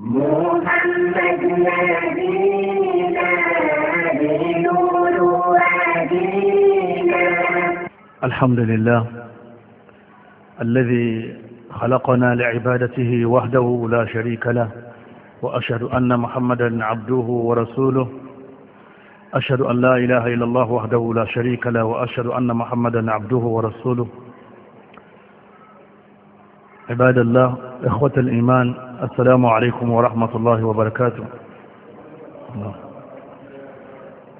محمد نبينا نور ودينا الحمد لله الذي خلقنا لعبادته وحده لا شريك له وأشهد أن محمدا عبده ورسوله أشهد أن لا إله إلا الله وحده لا شريك له وأشهد أن محمدا عبده ورسوله عباد الله إخوة الإيمان السلام عليكم ورحمة الله وبركاته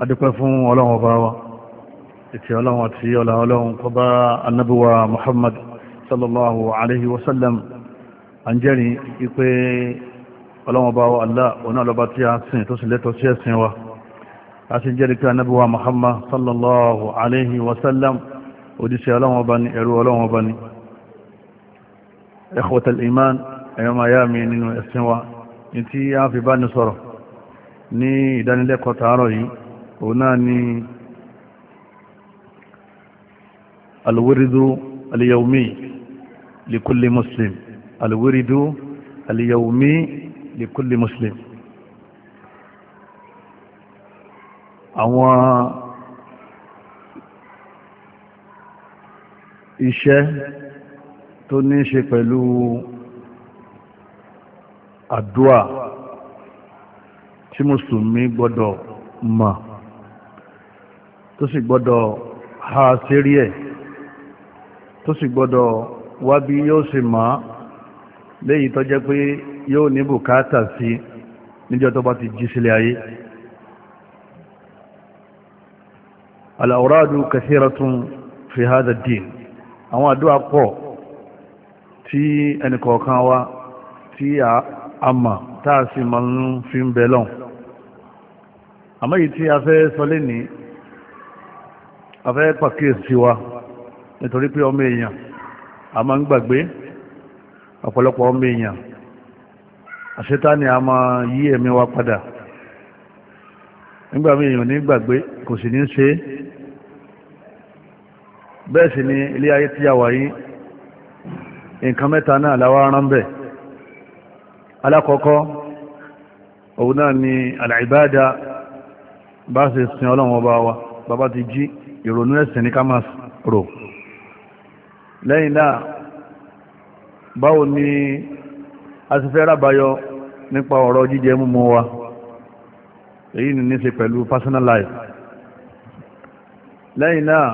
adúpẹ́ fún ọlọ́run ọba wa ìtì ọlọ́run àti ọlá ọlọ́run kó bá annabuwa muhammad sallallahu alaihi wasallam an jẹ́rin ipé ọlọ́run ọba wa allah oná lọba tí a sìn tó sì lẹ́tọ̀ sí ẹ̀sìn wa a sì jẹ́rin pé annabuwa muhammad sallallahu alaihi wasallam òjíṣẹ́ ọlọ́run ọba ni ẹrú ọlọ́run ọba ni ikhwatal iman ẹ̀yọ́ máa yá mi nínú ẹ̀sìn wa ní tí a fi bá ní sọ̀rọ̀ ní ìdánilẹ́kọ̀ọ́ tààrọ̀ yìí òun náà ni alwiridu aliyaumi likulli muslim alwiridu aliyaumi likulli muslim àwọn iṣẹ́ tó ní ṣe pẹ̀lú àdúà tí mùsùlùmí gbọ́dọ̀ mọ̀ tó sì gbọ́dọ̀ ha sérí ẹ̀ tó sì gbọ́dọ̀ wá bí yóò sì mọ̀ léyìí tó jẹ́ pé yóò ní bùkátà sí níjọ́ tó bá ti jí sílé ayé al-awradu kathiratun fi hadha ad-din àwọn àdúà pọ̀ tí ẹnìkọ̀ọ̀kan wa tí a àmà tá a sì máa ń fi ń bẹ lọ́n àmọ́ yìí tí a fẹ́ sọ lẹ́ni a fẹ́ pàkíyèsí wa nítorí pé ọmọ èèyàn a máa ń gbàgbé ọ̀pọ̀lọpọ̀ ọmọ èèyàn àṣetáni a máa yí ẹ̀mí wa padà nígbà mí èèyàn ní gbàgbé kò sì ní ṣe bẹ́ẹ̀ sì ni ilé ayé tí a wà yìí nǹkan mẹ́ta náà láwa rán bẹ́ẹ̀ alákọ̀ọ́kọ́ òun náà ni àlàìbáadà bá ṣe sin ọlọ́run ọba wa bàbá ti jí ìrònú ẹ̀sìn ní ká máa rò lẹ́yìn náà báwo ni a ti fẹ́ rábáyọ nípa ọ̀rọ̀ jíjẹ múmu wa èyí ni ní ṣe pẹ̀lú personal life lẹ́yìn náà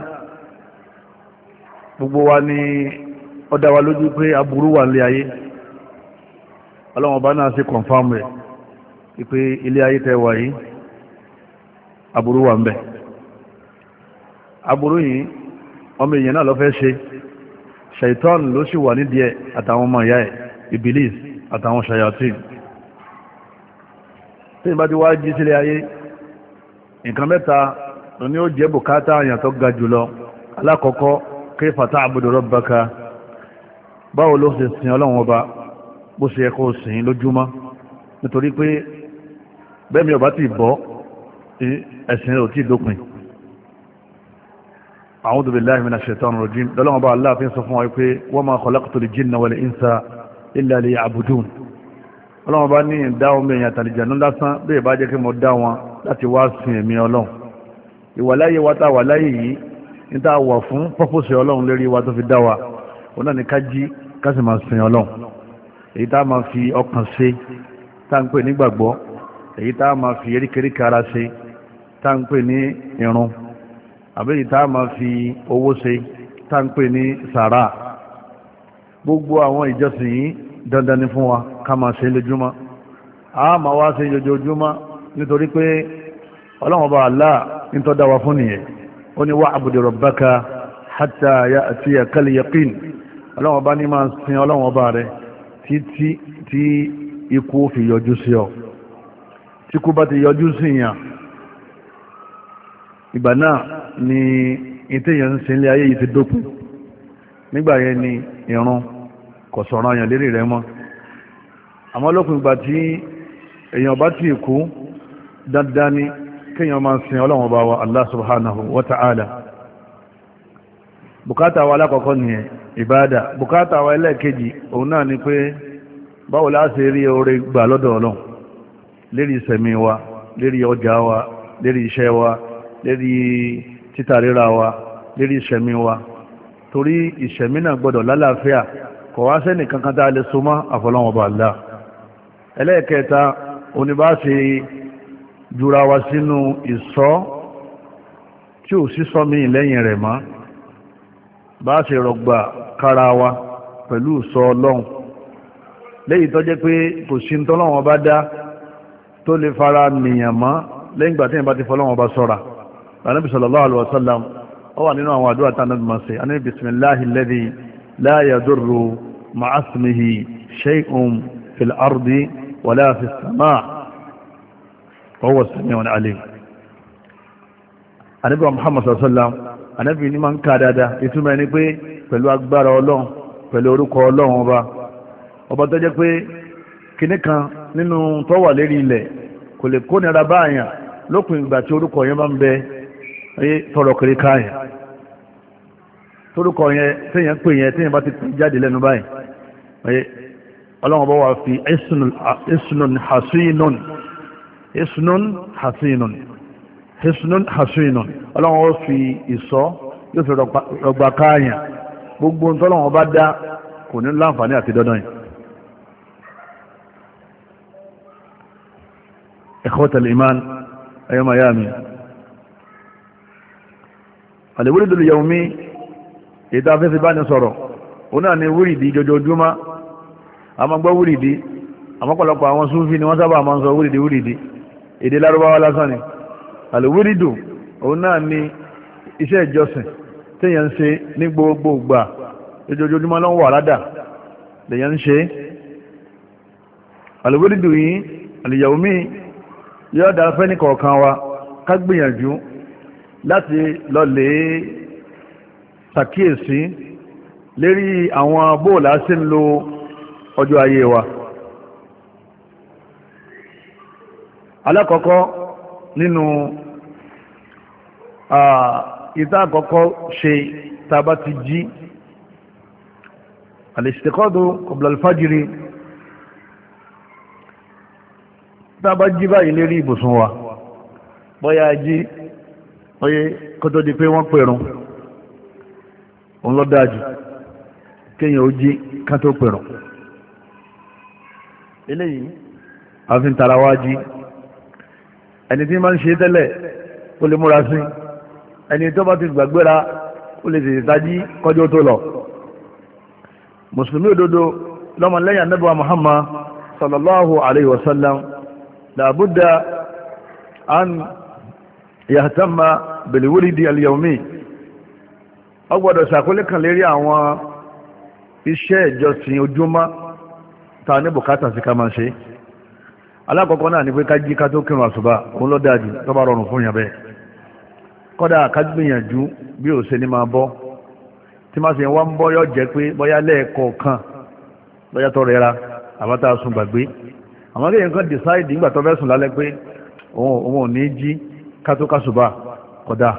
gbogbo wa ni ó dá wa lójú pé aburú wà nílé ayé ọlọ́wọ́n bá náà sí kọ̀nfàmù rẹ̀ wípé ilé ayé tẹ́ wà yìí aburú wà ń bẹ aburú yìí ọmọ èèyàn náà lọ fẹ́ ṣe ṣaitan ló sì wà nídìí ẹ̀ àtàwọn ọmọ ìyá ẹ̀ ibilis àtàwọn ṣayatin tí ìbá ti wá jí sílé ayé nǹkan mẹ́ta ló ní ó jẹ́ bùkátà àyàn tó ga jùlọ alákọ̀ọ́kọ́ kayfa ta'budu rabbaka báwo ló ṣe sin ọlọ́run ọba bó ṣe yẹ kó sìn lójúmọ́ nítorí pé bẹ́ẹ̀ mi ò bá ti bọ́ ẹ̀sìn rẹ̀ ò tí dópin a'udhu billahi minash shaitani rajim lọ́lọ́wọ́n bá aláàfin sọ fún wa pé wa ma khalaqtul jinna wal insa illa liya'budun ọlọ́wọ́n bá ní ìdá omi èèyàn àtàlìjànú lásán bẹ́ẹ̀ bá jẹ́ kí mo dá wọn láti wá sin ẹ̀mí ọlọ́run ìwàláyé wa tá wà láyé yìí ní tá a wà fún pọ́pọ́sì ọlọ́run lérí wa tó fi dá wa òun náà ní ká jí ká sì máa sin ọlọ́run èyí tá a máa fi ọkàn ṣe tá ń pè ní gbàgbọ́ èyí tá a máa fi eríkèríkè ara ṣe tá ń pè ní irun àbí èyí tá a máa fi owó ṣe tá ń pè ní sàrà gbogbo àwọn ìjọsìn yìí dandan ni fún wa ká máa ṣe lójúmọ́ a máa wá ṣe lójoojúmọ́ nítorí pé ọlọ́run bá aláà ní tó fún nìyẹn ó ní wá àbùdè rabbaka hatta ya'tiyakal yaqin ọlọ́run bá ní máa sin ọlọ́run bá rẹ̀ títí tí ikú fi yọjú sí ọ tí kú bá ti yọjú sí yàn ìgbà náà ni ìtẹ̀yàn ń sinlé ayé yìí ti dópin nígbà yẹn ni ìrun kò sọ̀rọ̀ àyàn lérí rẹ mọ́ àmọ́ lópin ìgbà tí èèyàn bá ti kú dandan ni kéèyàn máa sin ọlọ́run ọba wa Allah subhanahu wa ta'ala. Bukata wa alákọ̀ọ́kọ́ nìyẹn ìbáadà bùkátà wa ẹlẹ́ẹ̀kejì òun náà ni pé báwo la ṣe rí oore gbà lọ́dọ̀ ọlọ́run lérí ìsẹ̀mí wa lérí ọjà wa lérí iṣẹ́ wa lérí títà wa lérí ìsẹ̀mí wa torí ìsẹ̀mí náà gbọ́dọ̀ lálàáfíà kò wá sẹ́nì kankan tá a lè so mọ́ àfọlọ́wọn ọba àlá ẹlẹ́ẹ̀kẹta òní bá ṣe jura wa sínú ìsọ́ tí ò sí sọ́mi lẹ́yìn rẹ̀ mọ́ bá a ṣe rọgbà kára wa pẹ̀lú sọ ọlọ́run léyìí tó jẹ́ pé kò sí tọ́lọ́wọ́n bá dá tó lè fara nìyàn mọ́ lẹ́yìn ìgbà tí ìyẹn bá ti fọlọ́wọ́n bá sọ́ra Ànábì sallallahu alaihi wasallam ó wà nínú àwọn àdúrà tánà bí màṣẹ Ànábì bismillahi alladhi la yadurru ma'a ismihi shay'un fil ardi wala fis samaa ànábì ní máa ń ka dáadáa ìtumọ̀ ẹni pé pẹ̀lú agbára ọlọ́run pẹ̀lú orúkọ ọlọ́run ọba ọba tó jẹ́ pé kinní kan nínú tó wà lérí ilẹ̀ kò lè kó nira báyàn lópin ìgbà tí orúkọ yẹn máa ń bẹ tọrọ kiri káyàn torúkọ yẹn téèyàn pè yẹn téèyàn bá ti pè jáde lẹ́nu báyìí ọlọ́run ọba wà fi isnun hasinun isnun hasinun Hesunun hasinun ọlọ́run ó fi ìsọ́ yóò fi rọgbà káàyàn gbogbo ohun tọ́lọ́run bá dá kò ní láǹfààní àti dandan yìí ẹ̀kọ́ tẹ̀lé imán ẹ̀yọ́ miami àlèwúrídìí yẹ̀wùmí ètò afẹ́fẹ́ bá ní sọ̀rọ̀ òun náà ni wúrídìí jọjọjúmọ́ a máa gbọ́ wúrídìí àmọ́pọ̀lọpọ̀ àwọn súnfì ni wọ́n sábà máa ń sọ wúrídìí wúrídìí èdè lárúbáwá lásán ni àlùwírídù òun náà ni iṣẹ́ ìjọsìn téèyàn ń ṣe ní gbogbo ìgbà lójoojúmọ́ ló ń wà ládà lèyàn ń ṣe àlùwírídù yìí àlùyàwó míì yóò dára fẹ́ ní kọ̀ọ̀kan wa ká gbìyànjú láti lọ lè ṣàkíyèsí lérí àwọn bóòlà sí ń lo ọjọ́ ayé wa alákọ̀ọ́kọ́ nínú ìta àkọ́kọ́ ṣe tàbá ti jí al-istiqadu qabla al-fajri tàbá jí báyìí lérí ibùsùn wa bọ́yá jí oye kọ́tọ́ di pé wọ́n pèrún òun lọ dájú kéèyàn ó jí ká tó eléyìí a fi ń tara wá jí ẹni tí ma ń ṣe tẹ́lẹ̀ ó lè múra sí ẹni tó bá ti gbàgbéra ó lè tètè tají kọjọ́ tó lọ musulmi òdodo lọ́mọlẹ́yìn anábọ̀ Muhammad sallallahu alayhi wa sallam làbúdà an yahtamma bilwuridi al-yawmi ó gbọ́dọ̀ ṣàkólé kan lérí àwọn iṣẹ́ ìjọsìn ojúmọ́ ta ní bùkátà sí ká máa ṣe alákọ̀ọ́kọ́ náà ni pé ká jí ká tó kírun àsùbá òun ló jù tó bá rọrùn fún yàn kọ́dà ká bí ò ní máa bọ́ tí wá ń bọ́ yọ jẹ́ pé lẹ́ẹ̀kọ̀ọ̀kan lọ́yà tó rẹra àbátá gbàgbé àwọn akéèyàn kan dìsáìdì nígbà tó fẹ́ sùn lálẹ́ pé òun ò ní jí ká tó ká kọ́dà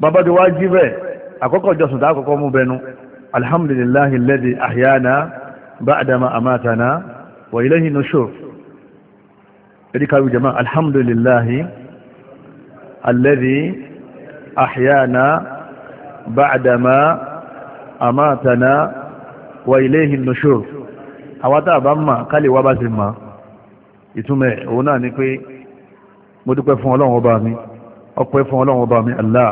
bàbá ti wá jí bẹ́ẹ̀ àkọ́kọ́ tá àkọ́kọ́ mú bẹnu wa ilayhi nushur ẹ̀díkàwé jama alhamdulillahi alladhi ahyana ba'dama amatana wa ilayhi nushur àwátà bá mọ̀ kálẹ̀ wá bá ti mọ̀ ìtumẹ̀ òun náà ni pé mo dúpẹ́ fún ọlọ́run ọba mi ọpẹ́ fún ọlọ́run ọba mi Allah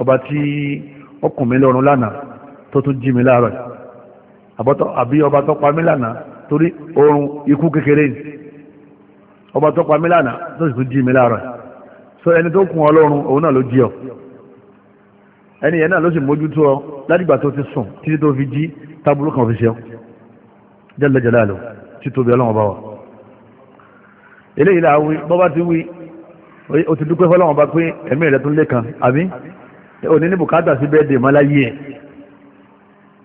ọba tí ọkùn mi lọ́run lánàá tó tún jí mi láàárọ̀ àbí ọba tó pa mí lánàá torí oorun ikú kékeré ni ọba tó pa mí tó sì tún jí mi láàárọ̀ so ẹni tó kún ọ lọ́rùn òun náà ló jí ọ ẹni yẹn náà ló sì mójútó ọ ládìgbà tó ti sùn títí tó fi jí tábúrú kan fi ṣe ọ jalla jalalu títóbi ọlọ́wọ́n bá wa eléyìí làá bọ́bá ti wí o ti dúpẹ́ fọlọ́wọ́n bá pé ẹ̀mí rẹ̀ tún lé kan àbí òní ní bùkátà sí bẹ́ẹ̀ dè mọ́ láyé ẹ̀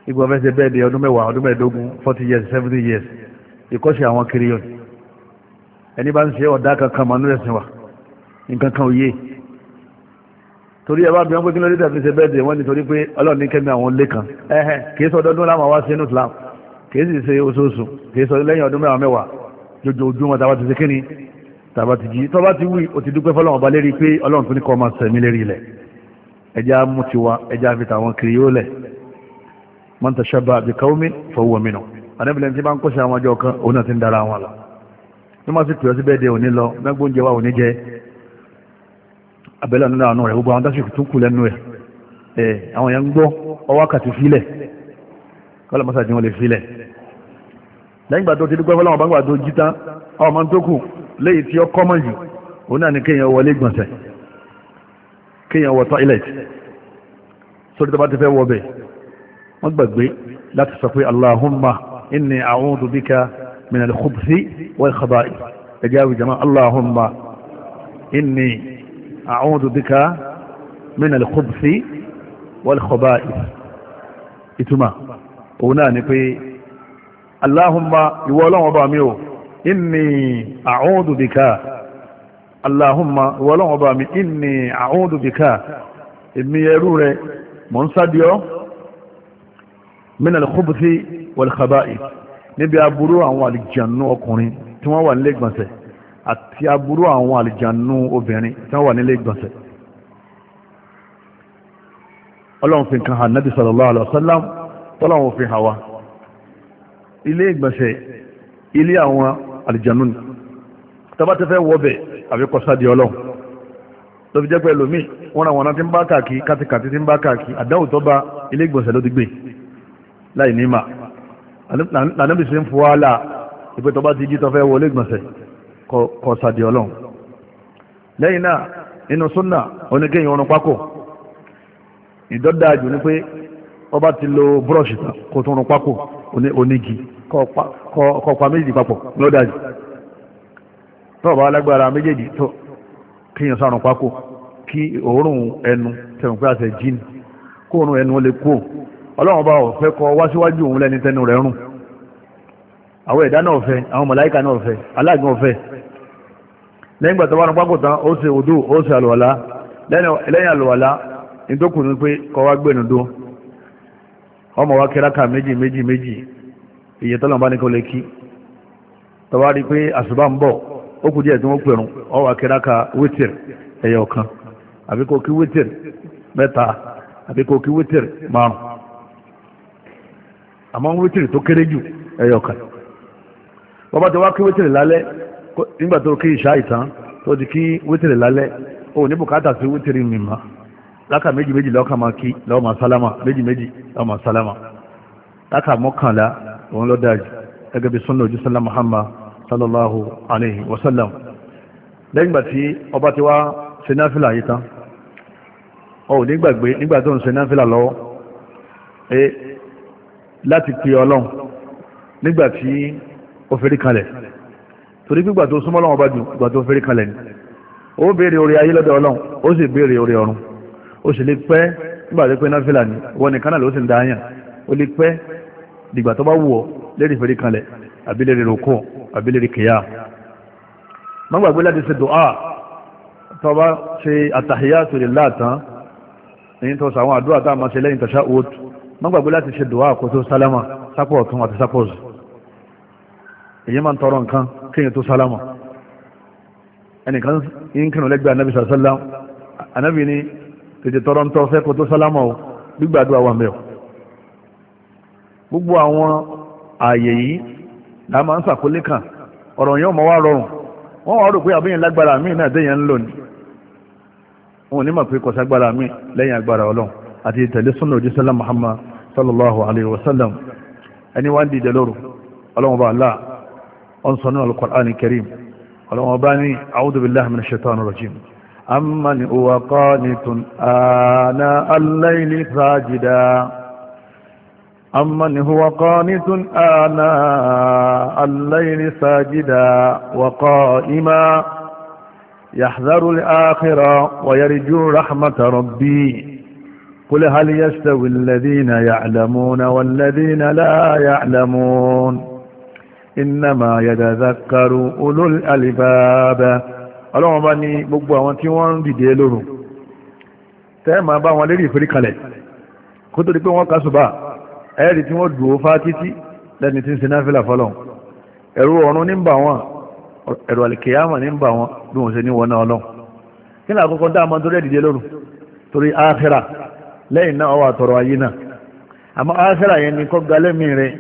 igbó ọfẹsẹ bẹ́ẹ̀ di ọdún mẹ́wàá ọdún mẹ́ẹ̀ẹ́dógún forty years seventy years ìkọ́ṣe àwọn kiri yọ ẹni bá ń ṣe ọ̀dà kankan mọ̀ nílẹ̀ sìn wa nǹkan kan òye torí ẹ bá bí wọn pé kí ló dé tàbí ṣe bẹ́ẹ̀ di wọn nítorí pé ọlọ́run ní kẹ́mi àwọn lé kan ẹ̀hẹ́n kìí sọ ọdọọdún láwọn wá sí inú Islam kìí sì ṣe oṣooṣù kìí sọ lẹ́yìn ọdún mẹ́wàá mẹ́wàá lójoojúmọ́ tàbá ti ṣe kíni tàbá ti jí tọ́ba ti wí o ti dúpẹ́ fọlọ́run ọba lérí pé ọlọ́run tún ní kọ́ ọmọ sẹ̀mí lérí ilẹ̀ ẹja mú tiwa ẹja fi tàwọn kiri yóò lẹ̀ man tashabba bi qaumin fa huwa minhum àdébìlẹ̀ tí bá ń kọ́ṣẹ́ àwọn ọjọ́ kan òun náà ti ń wọn lọ ní máa sì pè ọ́ sí de òní lọ mẹ́gbọ́n jẹ wa oni jẹ abẹ́lẹ̀ nínú àwọn rẹ̀ gbogbo àwọn tásìkò tó kù lẹ́nu ẹ̀ àwọn yẹn ń gbọ́ ọwọ́ kàti filẹ̀ kọ́lá mọ́sá tí wọ́n lè filẹ̀ lẹ́yìn ìgbà tó ti dúpẹ́ fọlọ́wọ́n bá gbà tó jí tán àwọn máa ń tó kù lẹ́yìn tí ó kọ́mọ̀ jù òun náà ni kéèyàn wọlé gbọ̀nsẹ̀ kéèyàn wọ tọ́ílẹ̀tì sórí tó bá ti fẹ́ wọ bẹ́ẹ̀ wọ́n gbàgbé láti sọ pé Allahumma inni a'udhu bika min al-khubuthi wal khaba'i ẹjẹ́ àwọn jama Allahumma inni a'udhu bika min al-khubuthi wal khaba'i ìtumà òun náà ni pé Allahumma ìwọ ọlọ́wọ́ bá mi o inni a'udhu bika Allahumma ìwọ ọlọ́wọ́ bá mi inni a'udhu bika èmi ẹrú rẹ mọ̀ ń sádìọ́ min al-khubuthi wal-khaba'ith níbi aburú àwọn àlìjànú ọkùnrin tí wọ́n wà nílé ìgbọ̀nsẹ̀ àti aburú àwọn àlìjànú obìnrin tí wọ́n wà nílé ìgbọ̀nsẹ̀ ọlọ́run fi kan hàn nábì sallallahu alaihi wasallam tọ́lọ́run fi hàn wá ilé ìgbọ̀nsẹ̀ ilé àwọn àlìjànú ni tọ́ba ti fẹ́ wọ́ bẹ̀ àbí kọ́sádìí ọlọ́run tó fi jẹ́ pé ẹlòmíì wọ́n ra wọn náà ti ń bá káàkiri kátìkàtì ti ń bá káàkiri àdáwò tó bá ilé ìgbọ̀nsẹ̀ ló ti gbìn láì ma, lànàbì sí ń fowá là ìpé tó bá ti jí tó fẹ́ wọlé gbọ̀nsẹ̀ kọ sàdì ọlọ́run lẹ́yìn náà nínú súnà oníkéyìn ọrùn pákó ìdọ́dá jù ní pé ó ti lo búrọ̀ṣì tán kó tún rún pákó onígi kọ pa méjì papọ̀ lọ́dá jù tó bá alágbára méjèèjì tó kíyàn sárùn pákó kí òórùn ẹnu tẹ̀wọ̀n pé àṣẹ jíìn kóòrùn ẹnu lè kúò ọlọ́run bá ò fẹ́ kọ wá síwájú òun lẹ́ni tẹnu rẹ̀ rùn àwọn ẹ̀dá náà fẹ́ àwọn màláíkà náà fẹ́ aláàgbọ̀n fẹ́ lẹ́yìn gbàtọ́ wọn pápọ̀ tán ó ṣe òdú ó ṣe àlùwàlá lẹ́yìn àlùwàlá ní ní pé kọ wá gbẹ̀nu ọmọ wa méjì méjì méjì iye tọ́lọ̀ bá ní kó lè kí tọ́wá rí pé ń bọ̀ ó kù díẹ̀ tí wọ́n pẹ̀rùn ọ wà kẹráka wítìr ẹ̀yọ̀ kan kí wítìr mẹ́ta kí wítìr márùn àmọ́ wítìrì tó kéré jù ẹyọ kan ti wá kí wítìrì lálẹ́ nígbà tó kí ìṣá ìtàn tó ti kí wítìrì lálẹ́ ó ní bùkátà sí wítìrì mìíràn láka méjì méjì lọ́kàn máa kí lọ́wọ́ sálámà méjì méjì lọ́wọ́ sálámà láka mọ́kànlá òun ló dájú gẹ́gẹ́ bí sunna ojú sallam muhammad alayhi wa lẹ́yìn ìgbà tí ọba wá yìí tán ó nígbàgbé nígbà tó ń lọ́wọ́ láti pe ọlọ́run nígbà tí ó fẹ́rí kalẹ̀ torí gbígbà tó súnmọ́ ọlọ́run ọba jù gbà tó fẹ́rí kalẹ̀ ni ó béèrè orí ayé lọ́dọ̀ ọlọ́run ó sì béèrè orí ọ̀run ó sì lè pẹ́ nígbà tó pé náfìlà ni wọn nìkan náà ló sì ń da àyàn ó lè pẹ́ dìgbà tó bá wù ọ́ lérí fẹ́rí kalẹ̀ àbí lérí roko àbí lérí kìyà má gbàgbé láti ṣe dùá tó bá ṣe àtàhíyà tó lè láàtàn èyí tó sàwọn àdúrà tá a máa ṣe lẹ́yìn tàṣà òótù má gbàgbé láti ṣe dùwà kó tó sálámà sápò ọ̀tún àti sápò ọ̀sùn èyí máa ń tọrọ nǹkan kéèyàn tó sálámà ẹnìkan ń kírun lẹ́gbẹ̀ẹ́ anábì sàṣálá anábì ni tètè tọrọ ń tọ́ fẹ́ kó tó sálámà o gbígbàdúrà wà mẹ́ọ̀ gbogbo àwọn ààyè yìí la máa ń sàkólé kàn ọ̀rọ̀ yẹn ò mọ̀ wá rọrùn wọ́n wá rò pé àbíyàn lágbára míì náà déyẹn ń lò ní wọn ní mọ̀ pé kọ̀ságbára àti ìtẹ̀lé súnà òjísẹ́lá Muhammad sallallahu alayhi wa sallam ẹni wá ń dìde lóru ọlọ́wọ́n bá aláà ọ̀n sọ náà al-Qur'an al-Karim ọlọ́wọ́n bá ní a'udhu billahi minash shaitanir rajim amman huwa qanitun ana al-layli sajida أمن هو قانت آناء الليل ساجدا وقائما يحذر الآخرة ويرجو رحمة ربي قل هل يستوي الذين يعلمون والذين لا يعلمون إنما يتذكر أولو الألباب ọlọ́run bá ní gbogbo àwọn tí wọ́n ń dìde lóru tẹ́ẹ̀mà bá wọn lérí ìforíkalẹ̀ kó tó di pé wọ́n kásùbà ẹ̀rì tí wọ́n dùn ó fá títí lẹ́ni tí ń sin náfìlà fọ́lọ̀ ẹ̀rù ọ̀run ní ń bà wọn ẹ̀rù àlìkèyàmà ní ń bà wọn bí wọ́n ṣe ní wọn náà ọlọ́run kí ni àkọ́kọ́ dáa máa torí ẹ̀ dìde lóru torí áhẹ́rà lẹ́yìn náà wà tọrọ ayé náà àmọ́ áṣẹ́rà yẹn ni kọ́ ga lẹ́mí rẹ̀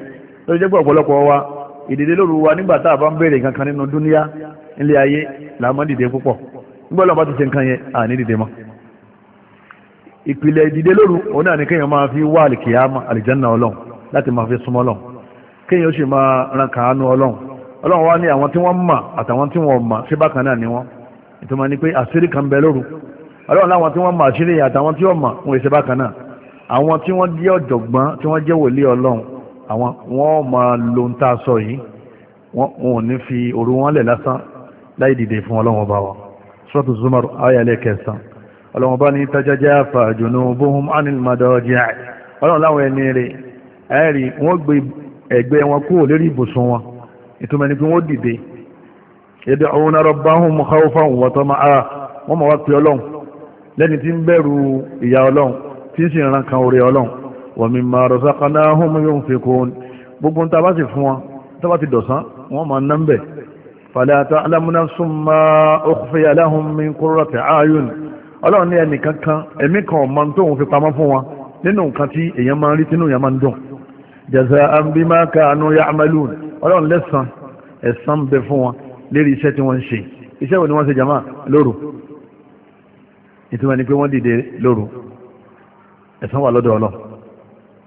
ló jẹ́ pé ọ̀pọ̀lọpọ̀ wa ìdílé lóru wa nígbà tá a bá ń béèrè kankan nínú dúníyá ilé ayé là máa dìde púpọ̀ nígbà lọ́ba ti ṣe nǹkan yẹn à ní dìde mọ́ ìpìlẹ̀ ìdílé lóru òun náà ni kéèyàn máa fi wá àlìkìyàmà àlìjánà ọlọ́run láti máa fi súnmọ́ ọlọ́run kéèyàn ó sì máa ran kàánú ọlọ́run ọlọ́run wa ní àwọn tí wọ́n mọ̀ àtàwọn tí wọ́n mọ̀ síbákan náà ni wọ́n ìtumọ̀ ni pé àṣírí kan bẹ lóru ọlọ́run láwọn tí wọ́n mọ̀ àṣírí àtàwọn tí wọ́n mọ̀ ń wèsè bákan náà àwọn tí wọ́n jẹ́ ọ̀jọ̀gbọ́n tí wọ́n jẹ́ wòlíì ọlọ́run àwọn wọ́n máa lo ń tá a sọ yìí wọ́n ò ní fi òru wọn lẹ̀ lásán láì dìde fún ọlọ́run ọba wa sọ́tù zumar ayalẹ̀ kẹsàn ọlọ́run ọba ní tajajafa junubuhum anil madaji' ọlọ́run láwọn ẹni rẹ̀ ẹ̀rí wọ́n mọ̀ wá pé ọlọ́run lẹ́ni tí ń bẹ̀rù ìyá ọlọ́run tí ń sì ran kan orí ọlọ́run wa mimma razaqnahum yunfiqun gbogbo ń tabá sì fún wọn tabá ti dọ̀sán wọn máa ná ń bẹ̀ fala ta'lamu nafsun ma ukhfiya lahum min qurrati a'yun ọlọ́run ní ẹnì kankan ẹ̀mí kan ọ̀mọ tó òun fi pamọ́ fún wọn nínú nǹkan tí èèyàn máa ń rí tínú èèyàn ń dùn jaza'an bima kanu ya'malun ọlọ́run lẹ́sàn ẹ̀san bẹ fún wọn lérí iṣẹ́ tí wọ́n ń ṣe iṣẹ́ wo ni wọ́n ṣe jama lóru ìtumọ̀ ni pé wọ́n dìde lóru ẹ̀san wà lọ́dọ̀ ọlọ́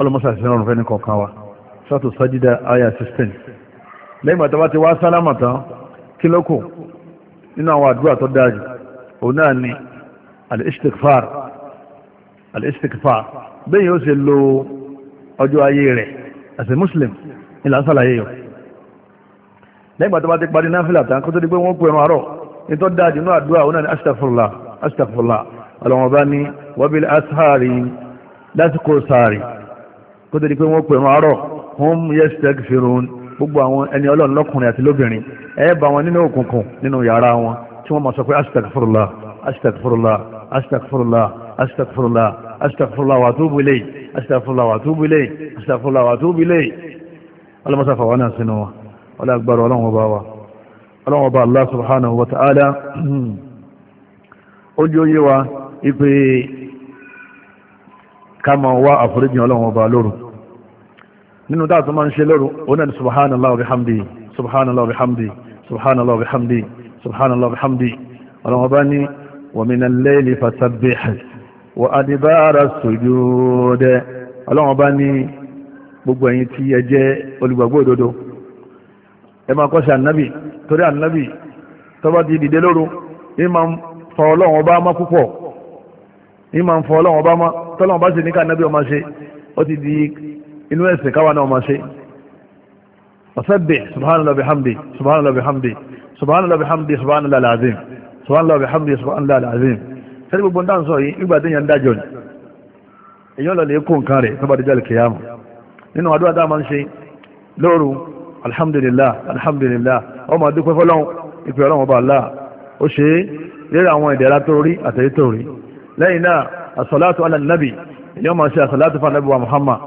ọlọ́mọsà sí ọrùn fẹ́ni kọ̀ọ̀kan wa sọ́tò sọ́jídà aya system lẹ́yìn bàtà bá ti wá sálámà tán kí ló kù nínú àwọn àdúrà tó dáa jù òun náà ni al-istighfar al-istighfar bẹ́ẹ̀ yóò ṣe lo ọjọ́ ayé rẹ̀ as a muslim ní làásàlàyé yọ lẹ́yìn bàtà ti parí náfìlà tán kó tó di pé kú ẹran àárọ̀ nítorí dáa jù àdúrà òun náà ni astaghfirullah astaghfirullah ọlọ́wọ́n bá ní wabil ashari lásìkò sáàrì kó tó di pé wọ́n pè wọ́n àárọ̀ hum yastaghfirun gbogbo àwọn ẹni ọlọ́run lọ́kùnrin àti lóbìnrin ẹ bá wọn nínú òkùnkùn nínú yàrá wọn tí wọ́n máa sọ pé astagfirullah astagfirullah astagfirullah astagfirullah astagfirullah wa tubu ilayhi astagfirullah wa tubu ilayhi astagfirullah wa tubu ilayhi ọlọ́mọsá fàwọn náà sínú wa ọlọ́ agbára ọlọ́run ọba wa ọlọ́run ọba allah subhanahu wa ta'ala ó jẹ́ wa ipe ká máa wá àforíjì ọlọ́run ọba lóru nínú dáa tó máa ń ṣe lóru oní ẹni subhanallah wa bihamdi subhanallah wa bihamdi subhanallah wa bihamdi subhanallah wa bihamdi ọlọ́run ọba ní wa minal layli fasabbih wa adibara sujud ọlọ́run ọba ní gbogbo ẹ̀yin tí ẹ jẹ́ olùgbàgbọ́ òdodo ẹ máa kọ́ sí ànábì torí ànábì tó ti dìde lóru ẹ máa ń fa má púpọ̀ ní máa ń fọ ọlọ́wọ́n bá má tọ́lọ́wọ́n bá ṣe ní káànábí ọmọ ṣe ó ti di inú ẹ̀sìn káwa náà ọmọ ṣe ọ̀sẹ́bẹ̀ subhanallah bihamdi subhanallah bihamdi subhanallah bihamdi subhanallah alazim subhanallah bihamdi subhanallah alazim sẹ́ni gbogbo nǹkan sọ yìí nígbà tí yẹn ń dájọ́ ni èyí ọ̀lọ́ lè kó nǹkan rẹ̀ tó bá dijọ́ kìyàmù nínú àdúrà tá a máa ń ṣe lóru alhamdulillah alhamdulillah ọmọ adúpẹ́ fọlọ́hún ìpè ọlọ́run ọba Allah ó ṣe é lérí àwọn ìdẹ̀ra tó rí àtẹ̀yẹ́ tó rí lẹ́yìn náà asọ́látù alànàbì èyàn máa ṣe asọ́látù fanabi wa muhammad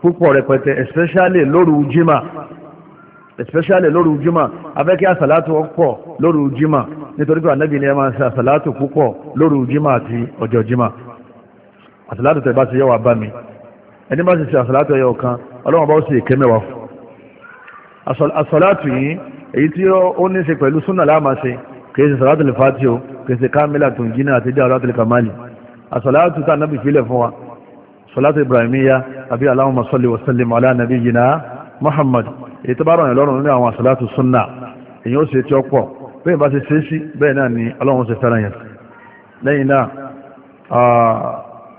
púpọ̀ rẹpẹtẹ especially lóru jimá especially lóru jimá abẹ́kẹ́ asọ́látù ọ̀pọ̀ lóru jimá nítorí pé anabi ni ẹ máa ṣe asọ́látù púpọ̀ lóru jimá àti ọjọ́ jimá asọ́látù tẹ̀ bá ti yẹ wà bá mi ẹni bá ti ṣe asọ́látù ẹyọ kan ọlọ́run bá ó sì èké mẹ́wàá fún asọ́látù yìí èyí tí ó ní ṣe pẹ̀lú súnà láàmà ṣe kì í ṣe sọ̀rọ̀ àtìlẹ̀ fàtí o àti jẹ́ ọ̀rọ̀ àtìlẹ̀ kàmáàlì àsọ̀láàtù tá nábì fílẹ̀ fún wa sọ̀láàtù ibrahimiya àbí allahumma salli wa sallim ala nabiyyina muhammad èyí tó bá rọrùn lọ́rùn nínú àwọn àsọ̀láàtù sunna èyí ó ṣe tí ó pọ̀ bẹ́ẹ̀ bá ṣe ṣe sí bẹ́ẹ̀ náà ni ọlọ́run ṣe fẹ́ràn yẹn lẹ́yìn náà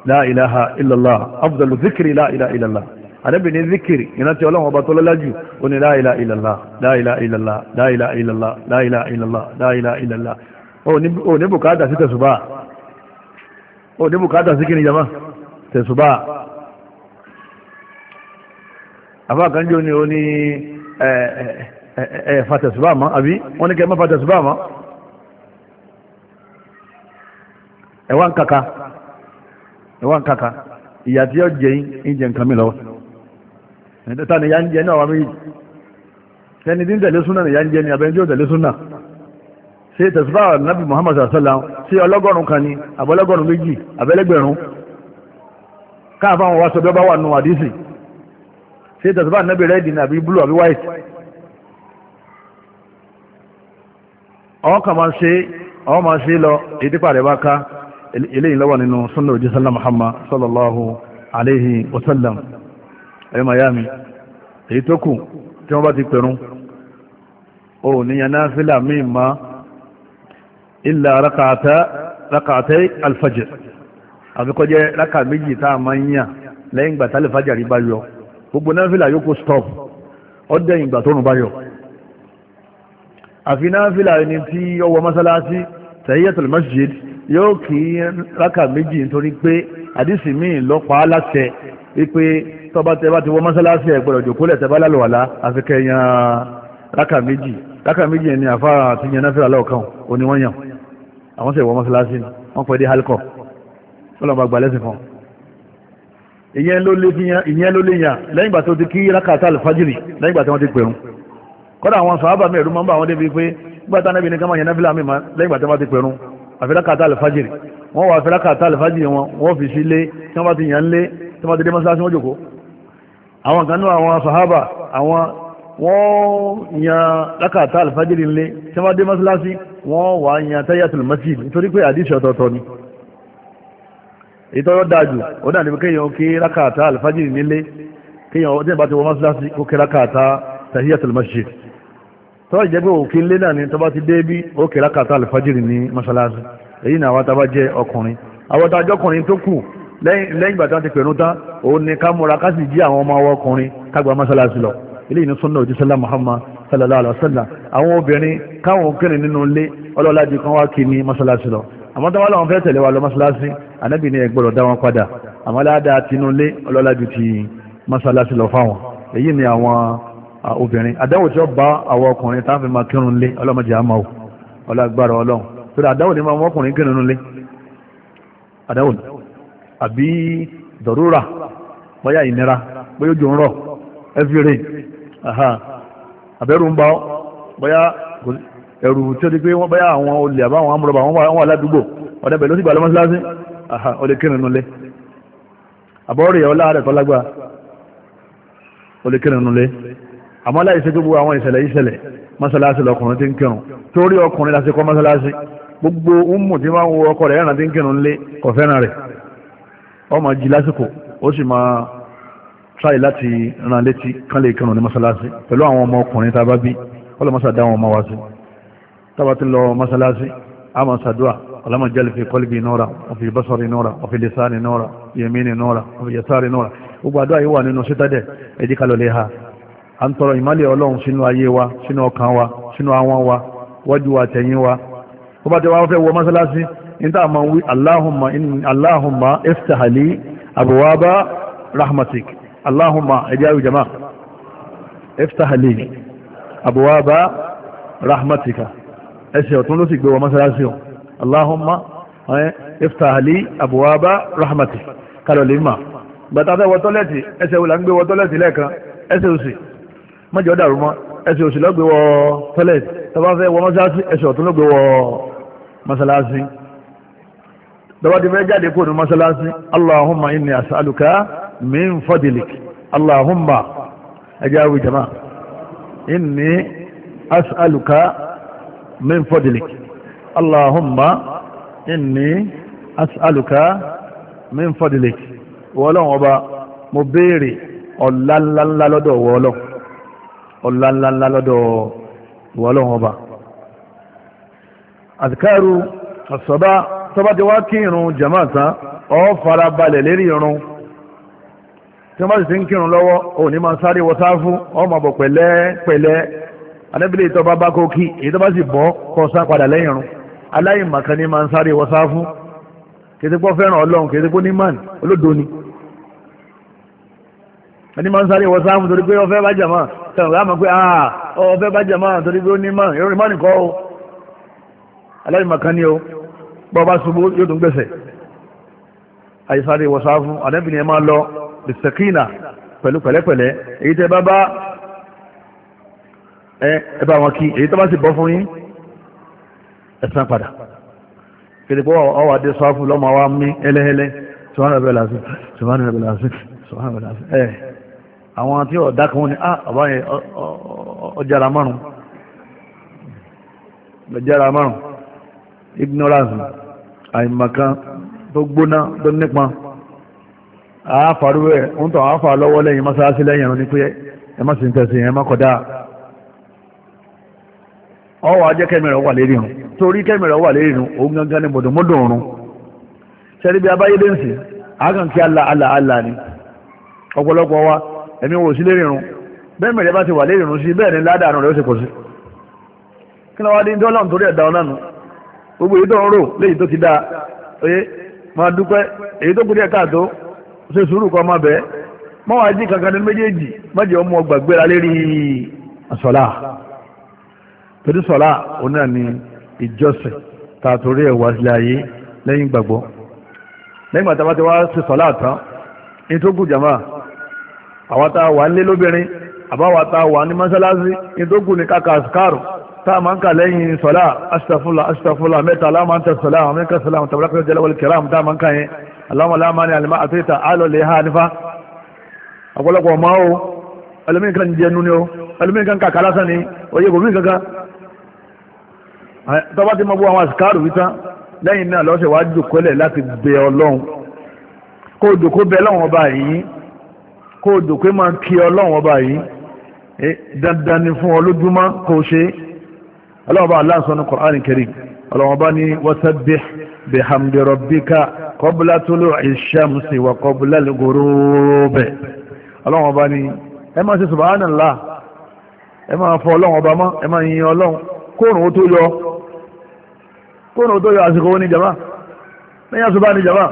la ilaha illallah afdalu zikiri la ilaha illallah anabi ni zikiri ina ti ọlọ́run ọba tó lọ́lájú ó ní la ilaha illallah la ilaha illallah la ilaha illallah la ilaha ní bùkátà sí tẹ̀sùbá ó ni bùkátà sí kíni jama tẹ̀sùbá afáàkánjó ni ó ní ẹ̀ẹ̀fà tẹ̀sùbá mọ́ àbí wọ́n ní kẹ́mọ́ fà tẹ̀sùbá mọ́ ẹ̀wà ń kaka ẹ̀wà ń kaka ìyà tí ó jẹ́ ń jẹ nǹkan mi lọ́wọ́ ẹ̀ẹ́dẹ́ta ni ya ń jẹ ní àwọn méjì ẹni tí ń tẹ̀lé súnà ni ya ń jẹ ní abẹ́ńjọ́ tẹ̀lé súnà ṣe tẹ̀síbà nàbì muhammad sàṣẹ́lá sí ọlọ́gọ́rùn kan ní àbọ̀lọ́gọ́rùn méjì àbẹ́lẹ́gbẹ̀rún káàfà àwọn wáṣọ bí ó bá wà nù àdísì ṣe tẹ̀síbà nàbì rẹ́ẹ̀dì nàbì blue àbí white àwọn kan máa ń ṣe àwọn máa ń ṣe lọ ìdípa rẹ̀ bá ká eléyìí lọ́wọ́ nínú sunna òjì sallam muhammad sallallahu alayhi wa sallam ẹ̀yọ́ miami èyí tó kù tí wọ́n bá ti pẹ̀rún o níyan náà míì máa illa rakaatai alfajir àfikọ́ jẹ́ raka méjì tá a máa ń yàn lẹ́yìn ìgbà tálẹ̀ fàjàrí bá yọ gbogbo náfìlà yókù stop ọdẹ ìgbà tó nù bá yọ àfi náfìlà ẹni tí ọwọ́ mọ́sálásí tayyatul masjid yóò kí raka méjì nítorí pé àdísì míì lọ́pàá láṣẹ wípé tọba tẹba ti wọ mọ́sálásí ẹ̀gbọ́dọ̀ jòkólẹ̀ tẹba lálùwàlá àfikẹ́ yan raka méjì raka méjì ẹni àfáà ti yan náfìlà lọ́ọ̀kan òní wọ́n yàn àwọn sẹ̀wọ̀n mọ́sálásí wọ́n pẹ̀lú halkọ̀ ọlọ́mọ àgbà lẹ́sìn fún ìyẹn ló lé yàn lẹ́yìn ìgbà tó ti kí rákàtà alfajiri lẹ́yìn ìgbà tí wọ́n ti pẹ̀rún kọ́dà àwọn sàábà mi ẹ̀rú máa ń bá àwọn débi pé nígbà tá nẹ́bi ní kámá yẹn náfìlà mi máa lẹ́yìn ìgbà tí wọ́n ti pẹ̀rún àfirákàtà alfajiri wọ́n wà àfirákàtà alfajiri wọn wọ́n fi sí lé tí wọ́n bá ti yàn lé tí wọ́n ti dé mọ́sálásí wọn jòkó àwọn kan náà àwọn sàábà àwọn wọ́n yan lákàtà alfajiri ńlé tí wọ́n dé mọ́sálásí wọ́n wà yan tayatul masjid nítorí pé àdíṣẹ́ ọ̀tọ̀ọ̀tọ̀ ni ìtọ́rọ̀ dájú ó dà níbi kéèyàn kí lákàtà alfajiri nílé kéèyàn ọdún ìbá ti wọ mọ́sálásí kó lákàtà tayatul masjid tọ́wọ́ ìjẹ́ pé òkè ńlé náà ni tọ́ba ti dé bí ó kí lákàtà alfajiri ní mọ́sálásí èyí náà àwọn tábà jẹ́ ọkùnrin àwọn tájọ́kùnrin tó kù lẹ́yìn ìgbà tí wọ́n ti pẹ̀rún tán òun ni ká múra ká sì jí àwọn ọmọ ọkùnrin ká gba mọ́sálásí lọ ilé ìní súnà òjì sálà Muhammad sallallahu alaihi wasallam àwọn obìnrin káwọn kiri nínú ilé ọlọ́lájú kan wá kí ní mọ́sálásí lọ àmọ́ tó wá láwọn fẹ́ tẹ̀lé wa lọ mọ́sálásí anábì ní ẹgbọ́dọ̀ dá wọn padà àmọ́ láàdá tinú ilé ọlọ́lájú ti mọ́sálásí lọ fáwọn èyí ni àwọn obìnrin àdáwò tí ó bá àwọn ọkùnrin táwọn fi máa kírun ilé ọlọ́mọdé àmọ́ ò ọlọ́gbára ọlọ́run bóyá ìnira bóyá ojú ń rọ̀ every Aha, àbẹ̀rù ń bá ọ bóyá ẹ̀rù tí ó di pé bóyá àwọn olè àbáwọn amúrọ̀bà wọn wà ládùúgbò ọ̀dẹ̀ bẹ̀rẹ̀ ló sì gbà lọ́mọ́síláṣí ọlẹ̀ kírun nulẹ̀ àbọ̀rẹ̀ ọlá rẹ̀ tọ́lágbà ọlẹ̀ kírun nulẹ̀ àmọ́ láì ṣe gbogbo àwọn ìṣẹ̀lẹ̀ ìṣẹ̀lẹ̀ mọ́sálásí lọkùnrin tí ń kírun torí ọkùnrin láti kọ́ mọ́sálásí gbogbo umu tí máa ń wo ọkọ rẹ̀ ẹ̀ràn tí ń kírun lé kọ̀fẹ́ràn rẹ̀ ọmọ jí lásìkò ó sì máa try láti ran létí kán lè kírun ní mọ́sálásí pẹ̀lú àwọn ọmọ ọkùnrin tá a bá bí ọlọ́mọsá dá àwọn ọmọ wa sí tábà ti lọ mọ́sálásí a máa ṣàdúrà ọlọ́mọ jẹ́lẹ̀ fi qalbi nura ọ̀fi basari nura ọ̀fi lisani nura yemini nura ọ̀fi yasari nura gbogbo àdúrà yìí wà nínú sítádẹ̀ ẹ̀dí kalọ̀ lè ha à ń tọrọ ìmálẹ̀ ọlọ́run rahmatik Allahumma ẹjáwì jama iftah li abwaba rahmatika ẹsẹ̀ ọ̀tún ló sì gbé wọn mọ́sálásí ọ̀ Allahumma iftah li abwaba rahmatika kalọ̀ lè mà bàtà fẹ́ wọ tọ́lẹ̀tì ẹsẹ̀ òlà ń gbé wọ tọ́lẹ̀tì lẹ́ẹ̀kan ẹsẹ̀ òsì mọ́jọ́ dàrú mọ́ ẹsẹ̀ òsì lọ́gbé wọ tọ́lẹ̀tì tọ́ba fẹ́ wọ mọ́sálásí ẹsẹ̀ ọ̀tún ló gbé wọ mọ́sálásí min fadlik allahumma ajawi jama inni as'aluka min fadlik allahumma inni as'aluka min fadlik wọ́lọ́n ọba mo béèrè ọ̀lànlánlá lọ́dọ̀ wọ́lọ́ ọ̀lànlánlá lọ́dọ̀ wọ́lọ́n ọba àtikáàrù àsọ̀bá tọ́bá ti wá kírun jama tán ó fara balẹ̀ lérí irun tí wọ́n bá sì ti ń kírun lọ́wọ́ òní máa sáré wọ sáfún ọmọ bọ̀ pẹ̀lẹ́ pẹ̀lẹ́ anábìlẹ̀ ìtọ́ba bá kó kí èyí tó bá sì bọ́ kọ́ sá padà lẹ́yìn rún aláìmọ̀kan ní máa sáré wọ sáfún kìtìpọ́ fẹ́ràn ọlọ́run kìtìpọ́ ní man olódo ni ẹni máa sáré wọ sáfún torí pé ọfẹ́ bá jàmá tẹ̀wọ̀n láàmú pé ah ọfẹ́ bá jàmá torí pé ó ní man ìròyìn man kọ́ o aláìmọ̀kan ni o bọ́ bá ṣubú yóò tún gbẹ̀sẹ̀ àyíṣáré bisakina pẹ̀lú pẹ̀lẹ́pẹ̀lẹ́ èyí tẹ́ bá bá ẹ bá wọn kí èyí tó bá sì bọ́ fún yín ẹ̀sán padà kìdìpọ̀ ọwọ́ adé sọ́fún lọ́mọ wa mí ẹlẹ́ẹ̀lẹ́ sọ́hánà bẹ̀rẹ̀ lásì sọ́hánà bẹ̀rẹ̀ lásì sọ́hánà bẹ̀rẹ̀ lásì ẹ̀ àwọn tí ah, ignorance àìmọ̀kan tó gbóná tó nípa a ń tàn àáfà lọ́wọ́ lẹ́yìn mọ́sáàsí lẹ́yìn ní pé ẹ má sì ń tẹ̀sí ẹ má kọ̀dá ọwọ́ ajẹ́ kẹ́mẹ̀rẹ̀ wà lérí hàn torí kẹ́mẹ̀rẹ̀ wà lérí hàn òun gangan ọ̀run bí abáyé lẹ́sìn kí ni ọ̀pọ̀lọpọ̀ wa ẹ̀mí wò sí lérí hàn bẹ́ẹ̀ mẹ̀rẹ̀ bá ti wà lérí hàn sí bẹ́ẹ̀ ni ládàánú rẹ̀ ó sì pọ̀ sí kí ló wá dé dọ́là ẹ̀dá ọlọ́nu gbogbo èyí tó ń rò léyìí tó ti dáa máa dúpẹ́ èyí tó ṣe sùúrù kọ́ ọmọ bẹ́ẹ̀ mọ́ wàá dín kankan nínú méjèèjì mọ́jẹ́ ọmọ gbàgbéra lérí sọ́lá torí sọ́lá òun náà ni ìjọsìn ta torí ẹ̀wà sílẹ̀ ayé lẹ́yìn gbàgbọ́ lẹ́yìn gbàtà bá ti wá ṣe sọ́lá tán ní tó kù jàmá àwa tá a wà ń lé lóbìnrin àbáwa tá a wà ní mọ́sálásí ní tó kù ní kàkà àsìkárù tá a máa ń kà lẹ́yìn sọ́lá astaghfirullah astaghfirullah mẹ́ta aláwọ̀ máa ń tẹ̀ sọ́lá àwọn mẹ́kà sọ́lá àwọn tàbí aláwọ̀láàmà ní alìmá àtẹ́ta alọ́lẹ̀ ha nífà ọ̀pọ̀lọpọ̀ ọmọ o ẹlòmíì kan jẹnu ni o ẹlòmíì kan kàkà lásán ni oyè kò mí kankan tọ́ba ti mọ bó àwọn àsìkáàrù wí tán lẹ́yìn náà lọ́sẹ̀ wá jòkólẹ̀ láti bẹ ọlọ́run kó o jòkó bẹ lọ́wọ́n ọba yìí kó o jòkó máa kí ọlọ́run ọba yìí dandan ni fún ọ lójúmọ́ kó o ṣe ọlọ́run ọba aláǹsọ̀ ní Qur'an kọbúlá tó ló ìṣẹ́mùsì wà kọbúlá lẹ́gọ̀rọ̀ọ̀bẹ̀ ọlọ́wọ́n bá ní ẹ máa ṣe subhanallah ẹ máa fọ ọlọ́wọ́n bá mọ́ ẹ máa yin ọlọ́run kóòrùn ó tó yọ kóòrùn ó tó yọ àsìkò ní jama lẹ́yìn àṣùbá ní jama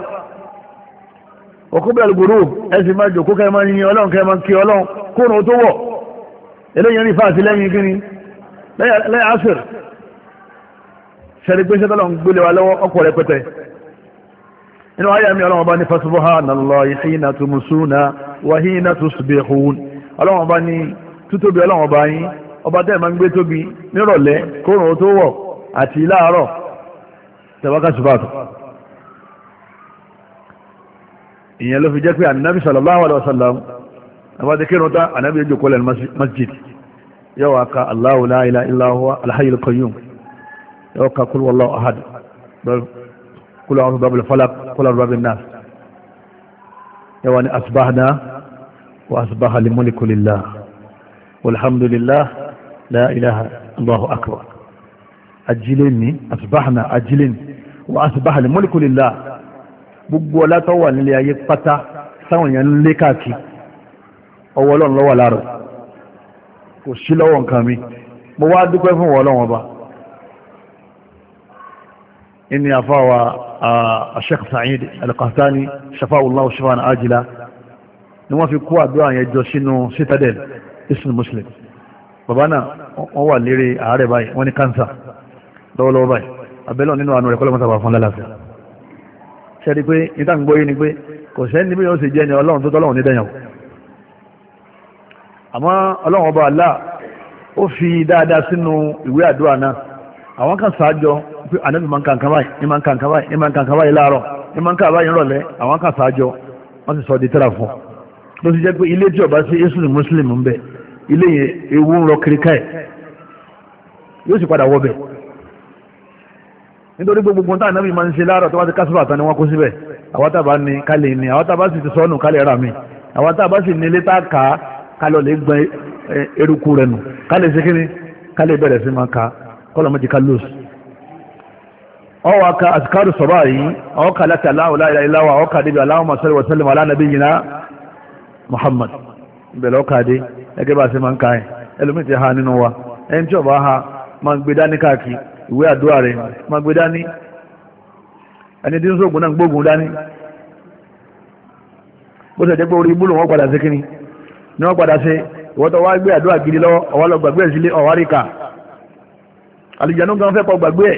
ọkọ̀bẹ̀rẹ̀ gbòrò ẹ sì máa jòkó kẹ́ẹ̀ máa yin ọlọ́run kẹ́ẹ̀ máa kí ọlọ́run kóòrùn tó wọ̀ eléyìí rí fáàtì lẹ́yìn kíni lẹ́yìn gbéṣẹ́ tọ́lọ́ ń gbélé wa lọ́wọ́ ọkọ̀ rẹpẹtẹ inú ayé mi ọlọ́wọ́n bá ní fasubhanallahi hina tumsuna wa hina tusbihun ọlọ́wọ́n bá ní tútóbi ọlọ́wọ́n bá yín ọba tẹ́ ẹ̀ máa ń gbé tóbi nírọ̀lẹ́ kóòrùn tó wọ̀ àti láàárọ̀ tẹ̀wákà ṣùbàtù ìyẹn ló fi jẹ́ pé ànábì sallallahu alaihi wasallam àbájẹ́ kírun tá ànábì ojú kọlẹ̀ masjid yóò wá ka Allahu la ilaha illa huwa al yóò ka kul huwallahu ahad kúlọ̀ ọ̀rùn bàbá falak kúlọ̀ ọ̀rùn bàbá nas yawa ni asibahana wa asibaha limuliku lillah walhamdulillah la ilaha allahu akbar ajílẹ̀ ni asibahana ajílẹ̀ ni wa asibaha limuliku lillah gbogbo ọlá tó wà nílé ayé pátá sáwọn èèyàn ń lé káàkiri ọwọ́ ọlọ́run ló wà lára kò sí lọ́wọ́ nǹkan mi wọn ọlọ́run إني أفاوى الشيخ سعيد القهتاني شفاه الله شفاء عاجلا نما في قوة na يجوشينو سيتادل اسم مسلم بابانا هو اللي عاري باي واني كانسا دولو باي abẹ́lọ́ nínú wà fún lálàáfíà ṣẹ́ni pé ni pé kò sẹ́ni bí yóò ṣe jẹ́ ni fi ànábì máa ń kàǹkà báyìí ní máa ń kàǹkà báyìí ní máa ń kàǹkà báyìí láàárọ̀ ní máa ń kàǹkà báyìí rọ̀lẹ́ àwọn kà sáájọ wọ́n ti sọ di tẹ́ra fún ló ti jẹ́ pé ilé tí ọba sí ni mùsùlùmí ń bẹ ilé yẹn ewu ń rọ kiri káì yóò sì padà wọ bẹ̀ nítorí gbogbo gbogbo táwọn ànábì máa ń ṣe láàárọ̀ tó ti kásùbà tán ni wọ́n kó síbẹ̀ àwọn tábà ní kálẹ̀ ní àwọn tábà sì ti sọ́nù kálẹ̀ rà mí àwọn tábà sì ní ilé tá a kà á kálọ̀ lè gbọ́n eruku rẹ̀ nù kálẹ̀ ṣe kíni kálẹ̀ bẹ̀rẹ̀ sí máa kà á kọ́lọ̀ ọwọ́ aka azkaru sọ̀rọ̀ yìí ọkà láti aláwọ̀ láìlá ìláwà ọkà débi aláwọ̀ masọ́lẹ̀ wasallam ala nabiyina muhammad bẹ̀rẹ̀ ọkà dé ẹgẹ́ bá ṣe máa ń ka ẹ̀ ẹlòmí ti ha nínú wa ẹni tí ọba ha máa gbé dání káàkiri ìwé àdúrà rẹ̀ máa gbé dání ẹni tí ń náà gbóògùn dání bó ṣe jẹ́ pé orí ibúlò wọn padà sí kíni ni wọ́n padà sí ìwọ́tọ̀ wá gbé àdúrà gidi lọ́wọ́ ọwọ́ lọ gbàgbé ẹ̀ sílé ọ̀wáríkà àlìjànú gan fẹ́ pọ̀ gbàgbé ẹ̀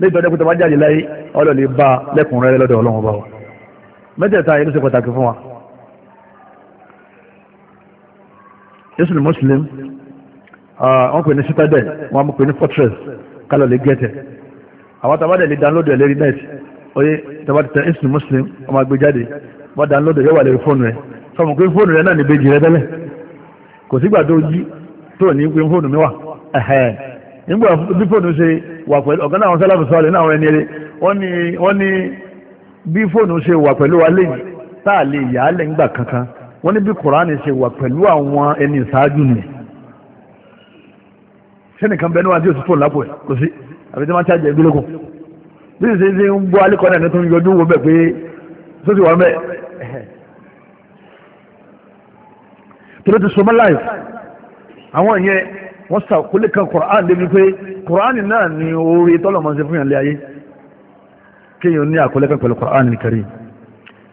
lẹ́gbẹ̀ẹ́ ọdẹ́kùn tó bá jáde láyé ọlọ́ lè bá lẹ́kùnrẹ́rẹ́ lọ́dọ̀ ọlọ́run bá wa mẹ́tẹ̀ẹ̀ta yìí ló ṣe pàtàkì fún wa yéṣù ni muslim wọ́n pè ní citadel wọ́n pè ní fortress kálọ̀ lè gẹ́tẹ̀ àwọn tàbádẹ̀ lè download ẹ̀ lérí net oyé tàbádẹ̀ yéṣù ni muslim ọmọ agbé jáde wọ́n download ẹ̀ yóò wà lérí fóònù rẹ̀ sọmọ pé fóònù rẹ̀ náà ní bèjì rẹ̀ tẹ́lẹ̀ kò sígbà tó yí tó ní pé fóònù mi wà nígbà bí fóònù ṣe wà pẹ̀lú ọ̀gá náà wọn sálàbù sọ́ọ̀lẹ̀ náà wọn ẹni eré wọ́n ní bí fóònù ṣe wà pẹ̀lú wa lẹ́yìn táà lè yà á lẹ́yìn gbà kankan wọ́n ní bí kùránì ṣe wà pẹ̀lú àwọn ẹni ìṣáájú nì sẹ́nìkan bẹ́ẹ̀ níwájú òsì fóònù lápò ẹ̀ kò sí àbí tí wọ́n ṣáàjẹ́ ìgbélé kù bí ṣe ṣe ń bọ́ alẹ́kọ̀ọ́ náà tó ń yọjú wo bẹ́ẹ̀ pé sọ́sì wà mẹ́ tó ló ti so mọ́ láì àwọn ìyẹn wọ́n sàkólé kan Qur'an débi pé Qur'an náà ni oore tọ́lọ̀mọ́ sí fún ìyànlẹ́ ayé kéèyàn ní àkólé kan pẹ̀lú Qur'an ní kẹrì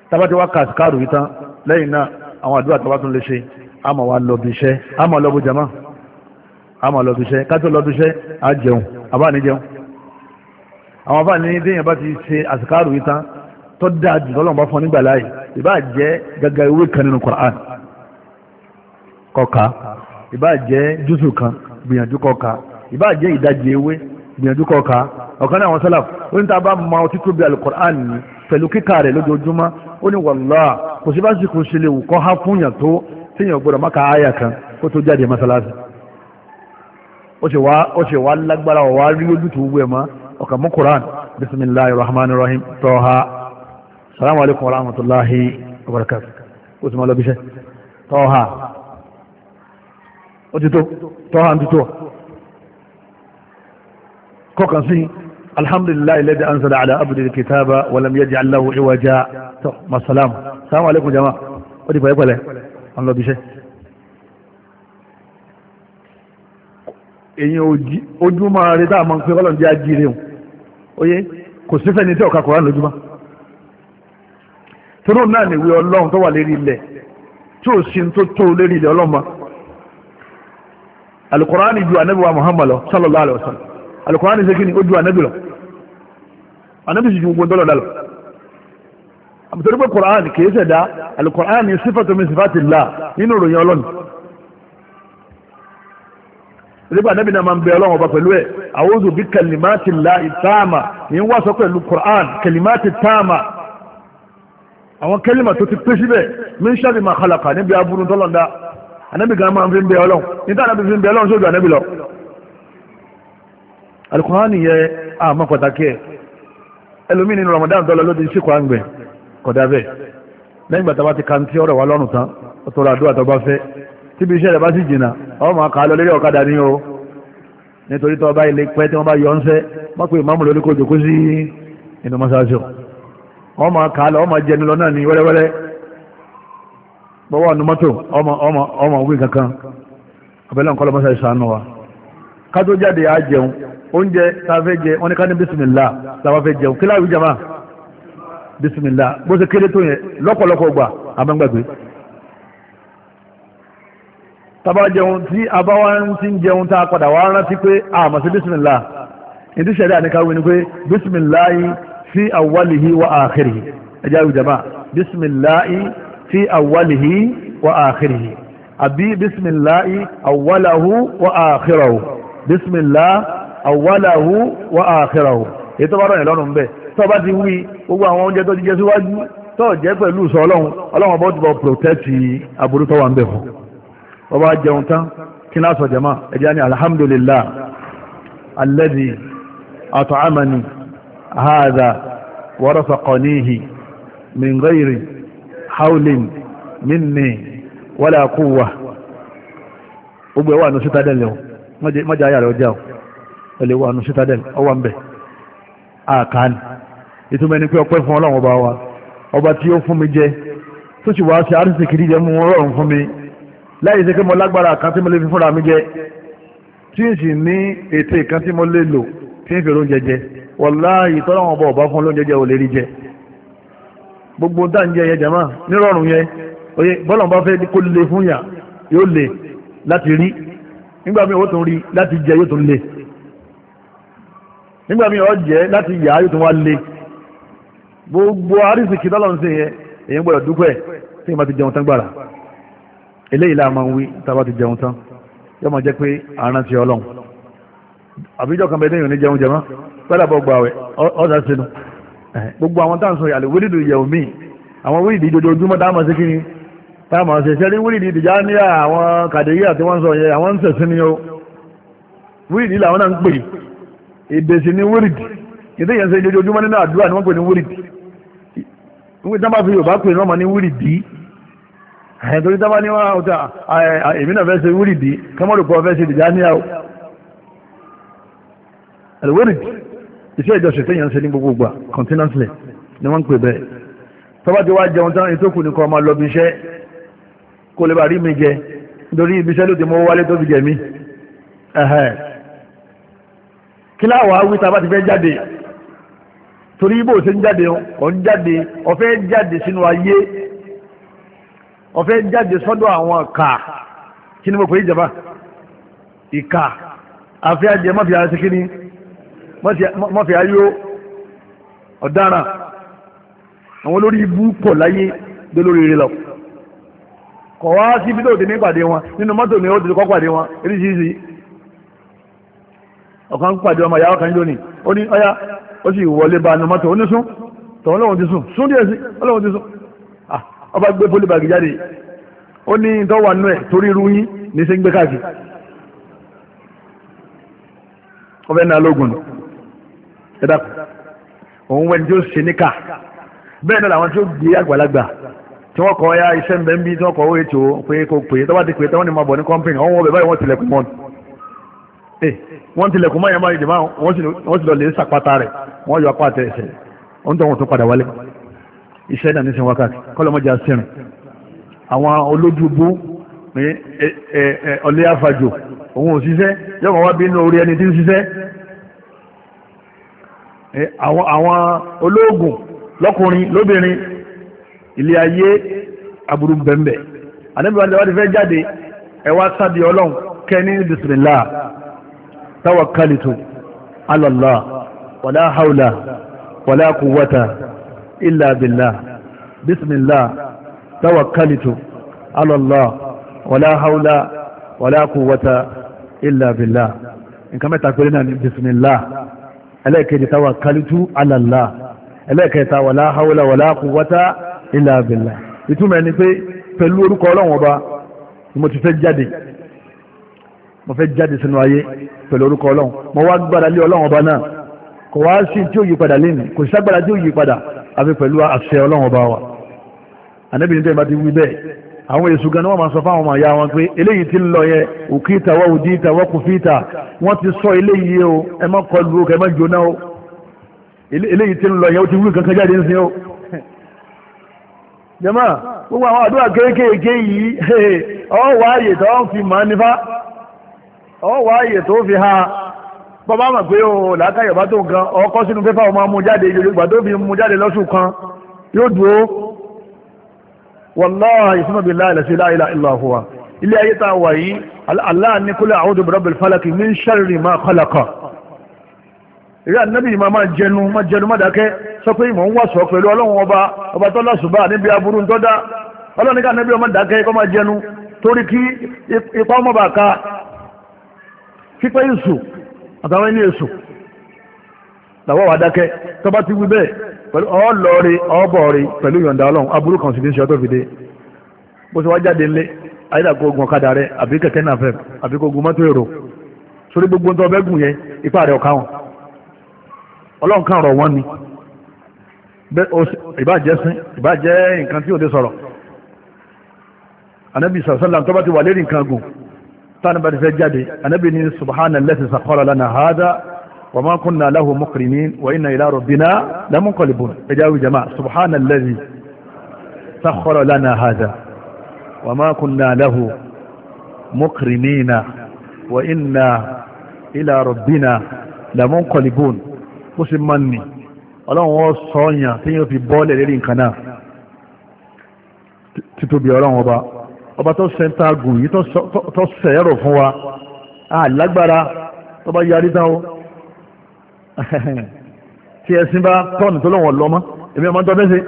tábàtí wá kàṣí káàrù yìí tán lẹ́yìn náà àwọn àdúrà tó bá tún lè ṣe a máa wá lọ bí iṣẹ́ a máa lọ bó jama a máa iṣẹ́ ká tó iṣẹ́ a jẹun àbá ní jẹun àwọn àbá ní déyìn bá ti ṣe àṣìkáàrù yìí tán tó dáa jù tọ́lọ̀ Qur'an kọ̀ọ̀kan ìbá jẹ́ júsù kan gbìyànjú kọka ìbá jẹ́ ìdajì ewé gbìyànjú kọka ọ̀kan náà àwọn sálàf ó ní tàbá ma ọtí tó bí alukur'an ni pẹ̀lú kíkà rẹ̀ lójoojúmọ́ ó ní wàllá kò sí bá sì kò ṣe lè wù kọ́ há fún yàn tó téèyàn gbọ́dọ̀ má ka àyà kan kó tó jáde mọ́sálásí ó ṣe wá ó ṣe wá lágbára wà rí ojútùú wẹ̀ mọ́ ọkàn mú quran bisimilahi rahman rahim tọ́ha salamu alaykum wa rahmatulahi wa barakatuh ó sì máa lọ bí iṣẹ́ tọ́ha ó ti tó tọ́hán ti tó kọ́kàn sí alhamdulillah alladhi anzala ala abdihi alkitaba wa lam yaj'al lahu iwaja tó masalamu salamu alaikum jama ó di pẹ̀lẹ́pẹ̀lẹ́ ọ̀n lọ bíṣẹ́ èyàn ojú máa rí dáa máa ń pín ọlọ́run jẹ́ ajíire o oye kò sífẹ́ ní tí ọ̀ka kọ̀ọ̀rán lójúmọ́ tóró náà nìwé ọlọ́run tó wà lérí ilẹ̀ tí ò sí tó tó lérí ilẹ̀ ọlọ́run alukurani ju anabi wa muhammad lọ sallallahu alaihi wasallam alukurani ṣe kíni ó ju anabi lọ anabi sì ju gbogbo dọ́lọ̀ dálọ̀ àmì pé kurani kìí ṣẹ̀dá alukurani sífàtò mi sífàtì là nínú ìròyìn ọlọ́ni nígbà anabi náà máa ń bẹ ọlọ́run ọba pẹ̀lú ẹ̀ a'udhu bi kalimati llahi taama ní wá sọ pẹ̀lú kurani kalimati taama àwọn kẹlìmà tó ti pé síbẹ̀ min sharri ma khalaqa níbi aburú dọ́lọ̀ anabi gan máa ń fi ń bẹ ọlọ́run níta anabi fi ń bẹ ọlọ́run sójú anabi lọ alukurani yẹ àmọ́ pàtàkì ẹ ẹlòmíì nínú ramadan tọ́lọ ló ti sí kwan gbẹ kọ̀dà bẹ́ẹ̀ lẹ́yìn gbàtà bá ti ka ti ọ̀rọ̀ wa lọ́rùn tán ọ̀tọ̀rọ̀ àdúrà tó bá fẹ́ tíbi iṣẹ́ rẹ̀ bá sì jìnnà ọ̀hún máa kà á lọ lórí ọ̀kadà ni o nítorí tó bá ilé pẹ́ tí wọ́n bá yọ ọ́nṣẹ́ má pé ìmáàmù lórí kò jòkó sí inú mọ́ṣáláṣí ọ̀ máa kà á lọ máa jẹnu lọ náà ní wẹ́rẹ́wẹ́rẹ́ bọ́wọ́ ọ̀nà mọ́tò ọmọ ọmọ ọmọ òwe kankan abẹ́lẹ́ nǹkan lọ́mọ́sá ìṣàánú wa ká tó jáde á jẹun oúnjẹ tá a fẹ́ jẹ wọ́n ní ká ní bísímìlá làwa fẹ́ jẹun kí láàrú jama bísímìlá bó ṣe kéré tó yẹn lọ́pọ̀lọpọ̀ gbà àmọ́gbàgbé tàbá jẹun tí a bá wá ń ti jẹun tá a padà wá rántí pé àmọ́ sí bísímìlá ìdí ṣẹ̀dá ní káwé ni pé bísímìlá yìí fi awwalihi wa akhirihi ẹjá ìjàmbá bísímìlá fi awwalihi wa akhirihi àbí bisimilahi awwalahu wa akhirahu bisimilah awwalahu wa akhirahu èyí tó bá rọrùn lọ́rùn bẹ́ẹ̀ tó bá ti wí gbogbo àwọn oúnjẹ tó ti jẹ síwájú tó jẹ́ pẹ̀lú sọ ọlọ́run ọlọ́run ọba ó ti bọ̀ protẹ́tì aburú tó wà ń bẹ̀ fún ọba jẹun tán kí n lásọ jẹma ẹjẹ ni alhamdulillah alladhi at'amani hadha wa rasaqanihi min ghairi haulin minni wala quwwa gbogbo ẹwà ní citadel lẹ́wọ̀n mọ́jà ayà rẹ̀ ọjà ọ̀ ẹ̀lẹ́ wà ní citadel ọwà ń bẹ̀ àkàní ìtumọ̀ ẹni pé ọpẹ́ fún ọlọ́run ọba wa ọba tí ó fún mi jẹ tó sì wá sí àrísì kìí jẹ mú rọrùn fún mi láyé ṣe kí mo lágbára kan tí mo lè fi fúnra mi jẹ tí n sì ní ète kan tí mo lè lò tí n fèrè oúnjẹ jẹ wọláyìí tọ́lọ́run ọba ọba fún olóúnjẹ jẹ ò lè rí jẹ gbogbo tá à ń jẹ yẹn oye bọ́lọ̀ bá fẹ́ kó le fún yà yóò le láti rí nígbà míì ó tún rí láti jẹ yóò tún le nígbà míì ó jẹ láti yà yóò tún wá le gbogbo arísìkì tọ́lọ̀ ń sìn yẹn èyí gbọ́dọ̀ dúpẹ́ tí ìmá ti jẹun tán gbàrà eléyìí la máa ń wí tábà ti jẹun tán yóò máa pé àárín ti ọlọ́run àbíjọ́ kan bẹ́ẹ̀ ní ìrìn jẹun jẹ mọ́ pẹ́lú àbọ̀ gbàwẹ̀ ọ̀sán sínú Eh, gbogbo àwọn tá à ń sọ yàlẹ̀ wíìdì yẹ̀wò míì àwọn wíìdì dojoojúmọ́ tá a máa ṣe kí tá a máa ṣe ṣe rí wíìdì Tìjàníyà àwọn kàdéyé àti wọ́n sọ yẹn àwọn ń sẹ̀sìn ni o wíìdì làwọn náà ń pè èdè sí ni wíìdì ìdí yẹn ṣe dojoojúmọ́ nínú àdúrà ni wọ́n pè ní wíìdì wíìdì tá a bá fi Yorùbá pè ní wọ́n máa ní wíìdì eh, torí tá a bá ní wọn ọ̀tá eh, èmi náà fẹ́ ṣe wíìdì kọ́mọ́dù pọ̀ o wíìdì iṣẹ́ ìjọsìn tẹ́yàn ń ṣe ní gbogbo gbà continuously ni wọ́n ń pè bẹ́ẹ̀ tọ́ba ti wá jẹun tán ètò kù ní kọ́ máa lọ bí iṣẹ́ kó lè bá rí mi jẹ nítorí ibi iṣẹ́ ló ti mọ́ wálé tó fi jẹ mí kí láwọ̀ awí tá a bá ti fẹ́ jáde torí ibo ṣe ń jáde ọ̀ ń jáde ọ̀fẹ́ jáde sínú ayé ọ̀fẹ́ jáde sọ́dọ̀ àwọn kà kí ni mo pè é jẹba ìkà àfẹ́ ajẹmọ́fẹ́ àti kíni mọ́fẹ́ ayó ọ̀daràn àwọn olórí ibú pọ̀ láyé dé lórí rẹ lọ kọ̀ wá síbi tó ti ní pàdé wọn nínú mọ́tò ni ó ti kọ́ pàdé wọn eréṣiríṣi ọ̀kan pàdé ọmọ ìyàwó kan lónìí ó ní ọyá ó sì wọlé bá nínú mọ́tò ó ní sún tọ̀wọ́n lọ́wọ́n ti sún díẹ̀ sí ti ọba gbé jáde ó ní ẹ̀ torí irú yín ní sẹ́ńgbẹ́ káàkiri ọbẹ̀ náà lógun ni ẹ̀dá òun wẹ́n tí ó ṣe níkà bẹ́ẹ̀ náà làwọn tí ó gbé àgbàlagbà tí wọ́n kọ́ ya iṣẹ́ ń bẹ́ ń bí tí wọ́n kọ́ owó ètò pé kò pè é tọ́wọ́ ti pè é tọ́wọ́ ni máa bọ̀ ní kọ́mpìn àwọn ọbẹ̀ báyìí wọ́n tilẹ̀kùn mọ́ wọ́n tilẹ̀kùn mọ́ yẹn máa yìí máa wọ́n sì lọ lè sàpáta rẹ̀ wọ́n yọ apá àtẹ ẹsẹ̀ wọ́n tó wọn tó padà wálé iṣẹ́ náà ní sin wákàtí kọ́lọ́mọ́jà sẹ́rìn àwọn olójúbú ọlẹ́ àfàjò òun òṣìṣẹ́ yọ̀wọ̀ wá Eh, àwọn olóògùn lọ́kùnrin lóbìnrin ilé ayé aburú bẹ̀m̀bẹ̀ anábìwájú wa ti fẹ́ jáde ẹwà sábì ọlọ́run kẹni bisimilá tawakkalitu ala Allah wàlá haula wàlá quwwata illa billah bisimilá tawakkalitu ala Allah wàlá haula wàlá quwwata illa billah nǹkan mẹ́ta péré náà ní bisimilá ẹlẹ́ẹ̀kejì tawakkaltu ala Allah ẹlẹ́ẹ̀kẹta wala hawla wala quwwata illa billah ìtumọ̀ ẹni pé pẹ̀lú orúkọ ọlọ́wọ́n ọba mo ti fẹ́ jáde mo fẹ́ jáde sínú ayé pẹ̀lú orúkọ ọlọ́wọ́n mo wá gbára lé ọlọ́wọ́n ọba náà kò wá sí tí ó yí padà lẹ́nu kò sí agbára tí ó yí padà àfi pẹ̀lú àṣẹ ọlọ́wọ́n ọba wa ànábìnrin tẹ́ bá ti wí bẹ́ẹ̀ àwọn èṣù gan ni wọ́n máa sọ fáwọn ọmọ ìyá wọn pé eléyìí ti ń lọ yẹ òkìta wọ́n òdìta wọ́n kò fìta wọ́n ti sọ eléyìí o ẹ má kọlu o kẹ má jóná o eléyìí ti ń lọ yẹ o ti wúlò kankan jáde ń sin o. jama gbogbo àwọn àdúrà kéékèèké yìí ọ wá àyè tó fi màá nífà ọ wá àyè tó fi ha bàbá mà pé o làákàyọ̀ bá tó gan ọkọ sínú pépà ọmọ amú jáde yorùbá tó fi mú jáde lọ́sùn kan yóò dúró wallahi suma billahi la ilaha illa illa huwa ilé ayé tá wà yìí Allah ní kúlẹ̀ a'udhu bi rabbil falaq min sharri ma khalaqa ìrí ànábì ma máa jẹnu má jẹnu má dákẹ́ sọ pé ìmọ̀ ń wà sọ pẹ̀lú ọlọ́run ọba ọba tó lásùbà níbi aburú tó dá ọlọ́run ní ká ànábì ọmọ dákẹ́ kọ́ pẹ̀lú ọlọ́ọ̀rẹ́ ọ̀bọ̀ọ̀rẹ́ pẹ̀lú yọ̀ǹda ọlọ́run aburú kan sì ní ṣe ọtọ́ fi dé bó ṣe wá jáde ńlé ayédàkó ogun ọ̀kadà rẹ àbí kẹ̀kẹ́ náà fẹ́ àbí kó ogun mọ́tò èrò sórí gbogbo ntọ́ ọbẹ̀ gùn yẹn ipá rẹ̀ ọ̀ka wọn ọlọ́run kan rọ̀ wọ́n ni ìbàjẹ́ sín ìbàjẹ́ nǹkan tí ò lè sọ̀rọ̀ anabi sàlám tó bá ti wà lérí nǹkan gùn táwọn bá ti fẹ́ jáde anabi ní subhana lẹ́sìn sàkọ́rọ̀ lánàá hádà wa ma kunna lahu muqrinin wa inna ila rabbina lamunqalibun ẹjáwé jama subhana allazi sakhkhara lana hadha wa ma kunna lahu muqrinina wa inna ila rabbina lamunqalibun ó sì máa nì ọlọ́run wọ́n sọ́ọ̀yàn tí yóò fi bọ́ọ̀lẹ̀ lérí nǹkan náà títóbi ọlọ́run ọba ọba tó sẹ́ńtà gùn yìí tó sẹ́ẹ̀rọ̀ fún wa àlágbára tó bá yarí dáwọ́ tí ẹ̀sìn bá tọ́ọ̀nù tó lọ́wọ́ lọ́mọ́ èmi ọmọ tó mẹ́sẹ̀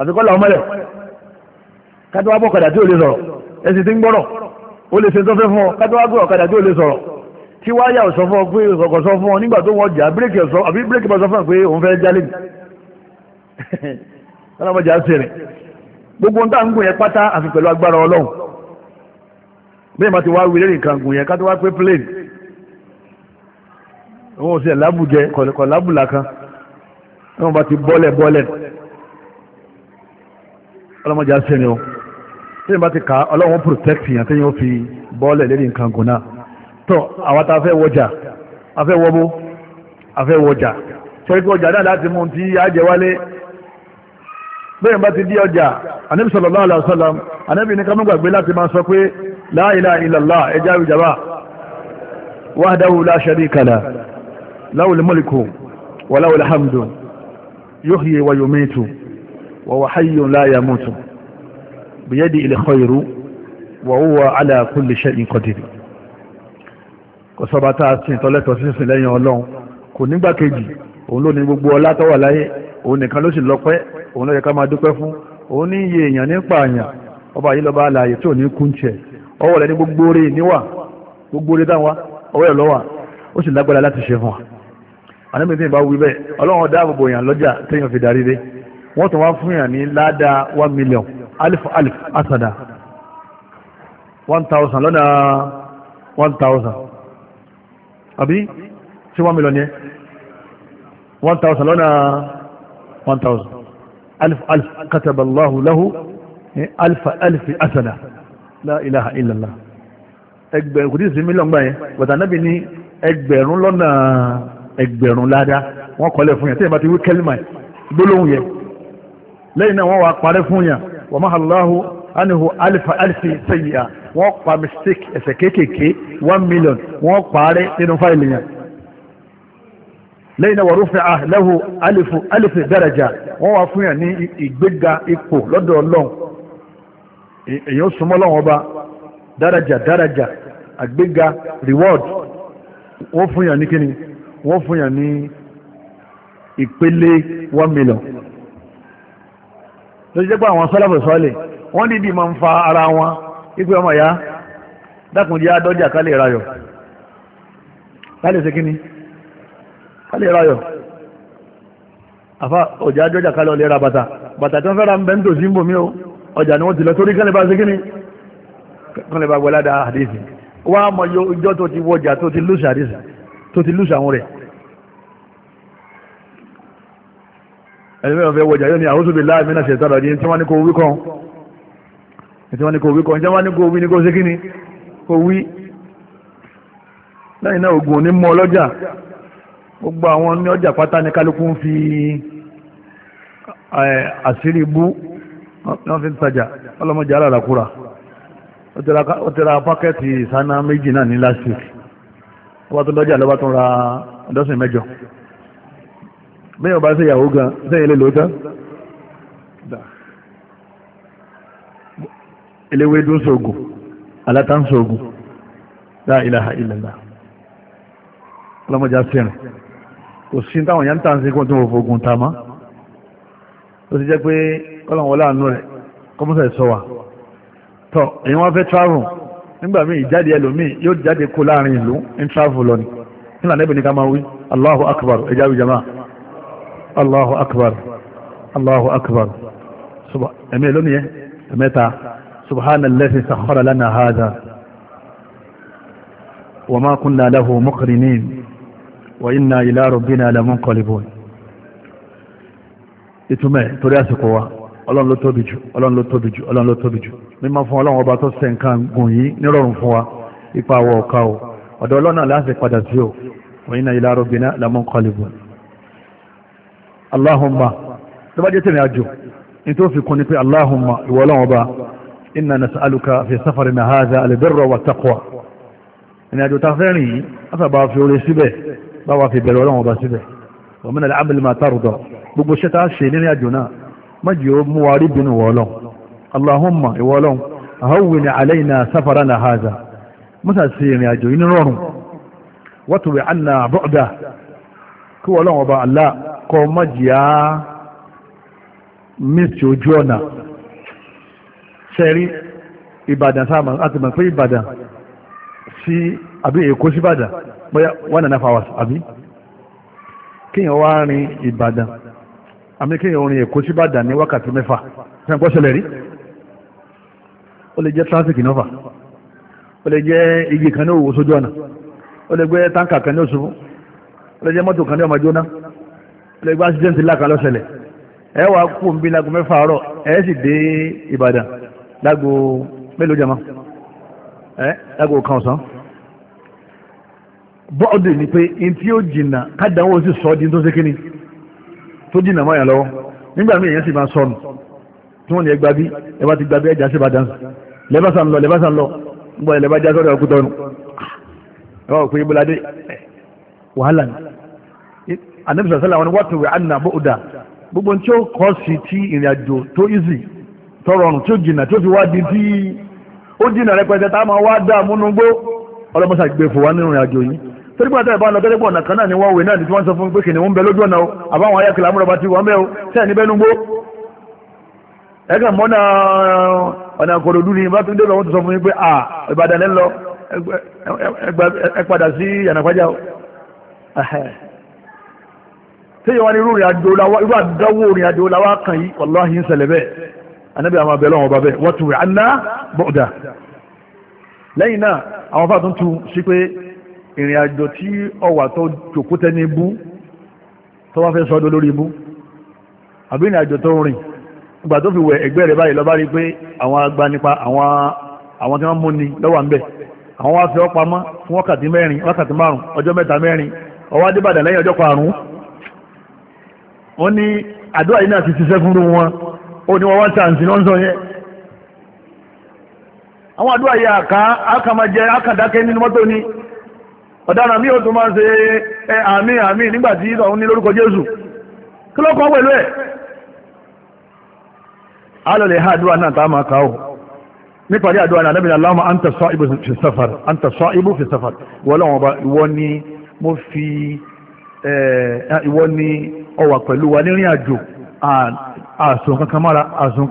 àfikọ́ làwọn mẹ́lẹ̀ kájọ wá bọ́ ọ̀kadà tí ò lè sọ̀rọ̀ ẹ̀sìn ti ń gbọ́rọ̀ ó lè ṣe tó fẹ́ fún ọ kájọ wá gbé tí ò lè sọ̀rọ̀ tí wáyà ọ̀sọ̀ fún ọ pé sọ fún ọ nígbà tó wọ́n jà bírèkì àbí bírèkì bá sọ fún ọ pé òun fẹ́ jálè á gbogbo gùn yẹn ma ti wá wí lẹ́yìn kan gùn wọn ò sí ẹ̀lábùjẹ kọ̀ lábùlà kan tí wọ́n bá ti bọ́lẹ̀ bọ́lẹ̀ ọlọ́mọdé àṣẹni o tí wọ́n bá ti kà á ọlọ́wọ́n protect yàn tí wọ́n fi bọ́lẹ̀ lérí nǹkan gùn náà tó àwọn tá a fẹ́ wọjà a fẹ́ wọ́bó a fẹ́ wọjà sọ pé ọjà náà láti mú un tí a jẹ wálé bẹ́ẹ̀ bá ti di ọjà anabi sallallahu alaihi wasallam anabi ní ká má gbàgbé láti máa sọ pé la ilaha illallah ẹja ìjàmbá wahdahu la sharika lahu له الملك وله الحمد يحيي ويميت وهو حي لا يموت بيده الخير وهو على كل شيء قدير kọsọba tá a sin tọ́lẹ́tọ̀ sísìn lẹ́yìn ọlọ́run kò nígbà kejì òun ló ní gbogbo ọlá tó wà láyé òun nìkan ló sì lọ́pẹ́ òun ló yẹ ká máa dúpẹ́ fún òun ní iye èèyàn ní pààyàn ọba yìí lọ́ba àlàyé tí ò ní kún tiẹ̀ ọwọ́ rẹ̀ ní gbogbo rẹ̀ níwà gbogbo rẹ̀ dáwà ọwọ́ rẹ̀ lọ́wà ó sì lágbára láti ṣe fún wa ànábì tí ìbá wí bẹ́ẹ̀ ọlọ́run dáàbò bòyàn lọ́jà téèyàn fi darí dé wọ́n tún wá fún yàn ní ládàá one million alif alif asada one thousand lọ́nà one thousand àbí sí one million yẹn one thousand lọ́nà one thousand alif alif kataballahu lahu eh, alif alif asada la ilaha illallah ẹgbẹ̀rún kò tí ì sí mílíọ̀n gbà yẹn bàtà nábì ní ẹgbẹ̀rún lọ́nà ẹgbẹ̀rún ládá wọ́n kọ́lẹ̀ fún yàn tí ẹ bá ti wí kẹ́lìmà gbólóhùn yẹn lẹ́yìn náà wọ́n wá parẹ́ fún yàn wa mahallahu anihu alifa alifi sayyi'a wọ́n pa mistake ẹ̀sẹ̀ kéékèèké one million wọ́n parẹ́ nínú fáìlì yẹn lẹ́yìn náà wọ́n rúfẹ́ àlẹ́hu alifu alifi daraja wọ́n wá fún yàn ní ìgbéga ipò lọ́dọ̀ ọlọ́run èyàn súnmọ́ lọ́wọ́ ọba daraja daraja àgbéga reward wọ́n fún yàn ní kíni wọ́n fún yàn ní ìpele one million lójú jẹ́ pé àwọn sọ́lọ́fẹ̀ sọ́ọ̀lẹ̀ wọ́n dìdí máa ń fa ara wọn ipe ọmọ ìyá dákùnjẹ́ adọ́jà kálẹ̀ rayọ̀ kálẹ̀ sekini kálẹ̀ rayọ̀ àfa ọjà adọ́jà kálẹ̀ ọlẹ́ra bàtà bàtà tí wọ́n fẹ́ ra ń bẹ́ ń tò sí ń bòmí o ọjà ni wọ́n ti lọ sórí kálẹ̀ bá sekini kálẹ̀ bá gbọ́ládà àdéhìí wọ́n á mọ ọjọ́ tó ti wọjà tó ti lóṣù àdéhìí tó ti lùsà àwọn rẹ̀ ẹni mẹ́rin fẹ́ wọjà yóò ní àwọ́sọ̀ bí láàmì náà ṣẹ̀tàrà ní tí wọ́n ní kò wí kan tí wọ́n ní kò wí kan tí wọ́n ní kò wí ní kò sí ni kò wí lẹ́yìn náà ogun ní mọ́ ọlọ́jà gbogbo àwọn ní ọjà pátá ní kálukú ń fi àṣírí ibú wọ́n fi ń tajà ọlọ́mọjà alàlàkúra ó tẹ́ra pákẹ́ẹ̀tì ìsáná méjì náà ní lásìkò wọ́n tó lọ́jà lọ́wọ́ tó ra ọ̀dọ́sìn mẹ́jọ mẹ́yàn bá sí ìyàwó gan sẹ́yìn ilé lóòótọ́ eléwé dún sóògùn aláta ń sóògùn la ilaha illallah ọlọ́mọdé àṣírìn kò sí táwọn yá ń tàn sí kó tó wọ́n fògùn tàmá ó ti jẹ́ pé kọ́lọ̀wọ́ láàánú rẹ̀ kọ́mọ́sẹ̀ sọ wà tọ́ èyí wọ́n fẹ́ travel nígbà míì ìjáde ẹlòmíì yóò jáde kó láàrin ìlú ń travel lọ ni nígbà níbi ní ká máa wí Allahu akbar ẹjá wí jama Allahu akbar Allahu akbar ẹ̀mí èló nìyẹn ẹ̀mẹ́ta subhana allazi sakhara lana hadha wa ma kunna lahu muqrinin wa inna ila rabbina lamunqalibun ìtumẹ̀ torí àsìkò wa ọlọ́run ló tóbi jù ọlọ́run ló tóbi jù ọlọ́run ló tóbi jù mímọ́ fún ọlọ́run ọba tó ṣe nǹkan gùn yìí nírọ̀rùn fún wa ipa àwọ̀ ọ̀ka o ọ̀dọ̀ ọlọ́run láti padà sí o òyìn náà ila rabbina lamunqalibun. aláhùnmá tó bá jẹ́ tèmi àjò ní tó fi kún ni pé aláhùnmá ìwọ ọlọ́run ọba inna nas'aluka fi safarina hadha al-birra wa taqwa ìrìn àjò ta fẹ́ rìn yìí afẹ́bà fi oore síbẹ̀ báwa fi bẹ̀rẹ̀ ọlọ́run ọba síbẹ̀ wa min al-amali mọ́jì ó mú wa rí bínú wọ́ọ́lọ́ Allahumma ìwọ́ọ́lọ́ ahawwin alayna safarana haza musa sí ìrìn àjò yìí nírọ̀rùn watubi anna bu'da kí wọ́ọ́lọ́ ọba Allah kọ́ mọ́jì á mísì ojú ọ̀nà sẹ́rí ìbàdàn sáàmà láti mọ̀ pé ìbàdàn sí àbí èkó sí ìbàdàn bóyá one and a half hours àbí kíyàn wá rin ìbàdàn àmì kí orin èkó sí Ìbàdàn ní wákàtí mẹ́fà fẹ́ gbọ́ ṣẹlẹ̀ rí ó lè jẹ́ traffic nọ́fà ó lè jẹ́ igi kan ní òwò sójú ọ̀nà ó lè gbé táǹkà kan ní òṣùwò ó lè jẹ́ mọ́tò kan ní ọmọ jóná ó lè gbé accident láka lọ́sẹ̀lẹ̀ ẹ wà kú ń bí lágo mẹ́fà àárọ̀ ẹ sì dé Ìbàdàn lágo mélòó jẹ́ mọ́ ẹ lágo kan ọ̀sán bọ́ọ̀dù ni pé ntí ó jìnnà kádàáwó sì sọ ọ́ di tó tó jìnà mọ́yàn lọ́wọ́ nígbà míì èèyàn sì máa sọnù tí wọ́n ní ẹgbà bí ẹbá ti gbà bí ẹjà sí bá dánsì lẹ́bàṣà ń lọ lẹ́bàṣà ń lọ nígbà ilẹ̀ bá já sọ́dọ̀ ọkú tọ́nu ẹwà òpin ibùladé wàhálà ni anamisa sálà wọn wàtò wẹ àná bóòdà gbogbo tí ó kọ́ sí ti ìrìn àjò tó easy tọrọrùn tí ó jìnà tí ó fi wá di tí ó jìnà rẹpẹtẹ tá a máa wá dá múnú gbó ọlọ́mọsà gbé nínú ìrìn àjò yìí torípàtà ìbánu gẹ́gẹ́gbọ̀ ọ̀nà kan náà ni wọ́n wè náà ni tí wọ́n sọ fún pé kìnìún ń bẹ lójú ọ̀nà o àbáwọn ayákìlá amúrọ̀bá ti wọ́n bẹ́ o sẹ́ẹ̀ níbẹ̀ nugbó ẹ̀kan mọ́nà ọ̀nà àkọ̀rọ̀dú ni bátúndé lọ́wọ́ tó sọ fún yín pé à Ìbàdàn lẹ́ lọ ẹ padà sí yànàpájà o tí yíwa ni irú àdáwò rìn àjò làwá kan yìí wàláhì ń ṣẹlẹ̀ bẹ́ẹ̀ anábì àwọn abẹ́lẹ́ wọn bàbẹ́ wọ́n tu rẹ̀ ìrìn àjò tí ọwà tó jòkó tẹ́ni bú tó wá fẹ́ sọ́dọ̀ lórí bú àbí ìrìn àjò tó rìn ìgbà tó fi wẹ̀ ẹgbẹ́ rẹ̀ báyìí lọ́bá rí pé àwọn agbanipa àwọn àwọn tí wọ́n mú ni ń bẹ̀ àwọn wá pamọ́ fún wákàtí mẹ́rin wákàtí márùn ọjọ́ mẹ́ta mẹ́rin ọwọ́ lẹ́yìn ọjọ́ karùn-ún wọ́n ní àdúrà yìí náà ti ṣiṣẹ́ fún wọn àwọn àdúrà ọ̀daràn mi ò tún máa ṣe ẹ àmì àmì nígbàtí ọ̀hún ní lórúkọ Jésù kí ló kọ́ pẹ̀lú ẹ̀ alọ́lẹ̀ ha àdúrà náà tá máa káwọ́ nípàdé àdúrà náà lẹ́bìnrin aláwọ̀ anta sa'ibu fi safar anta sa'ibu fi safar wọ́lọ́wọ́n ọba ìwọ ni mo fi ìwọ ni ọwà pẹ̀lú wa nírìn àjò àsùn kankan mára àsùn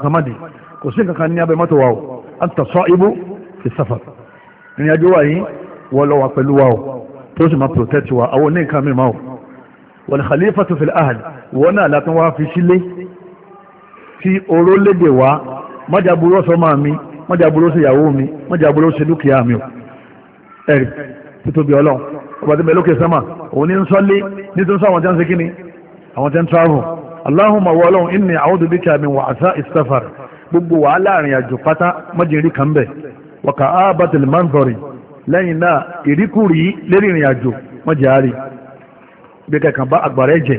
anta sa'ibu fi safar ìrìn àjò wa yìí wọ́lọ́wà pẹ̀lú tó sì máa protect wa àwọn oníkan mi máa wò wal khalifatu fil ahli wọn náà látún wá fi sílé tí oró lédè wá mọ́jàbúrò sọ́mọ́ mi mọ́jàbúrò sí ìyàwó mi mọ́jàbúrò sí dúkìá mi ò títóbi ọlọ́run ọba tí mẹ́lókè sẹ́mà òun ní ń sọ́lé ní tó ń sọ àwọn tí ń ṣe kíni àwọn tí ń travel Allahumma wọ ọlọ́run inni a'udhu bika min wa'sa is-safar gbogbo wàhálà àrìn pátá mọ́jìnrí kan bẹ̀ wọ́kà ábàtìl manzori lẹ́yìn náà ìríkùrí lérí ìrìn àjò wọ́n jẹ́ àárí bí kẹkàn bá àgbàrẹ́ jẹ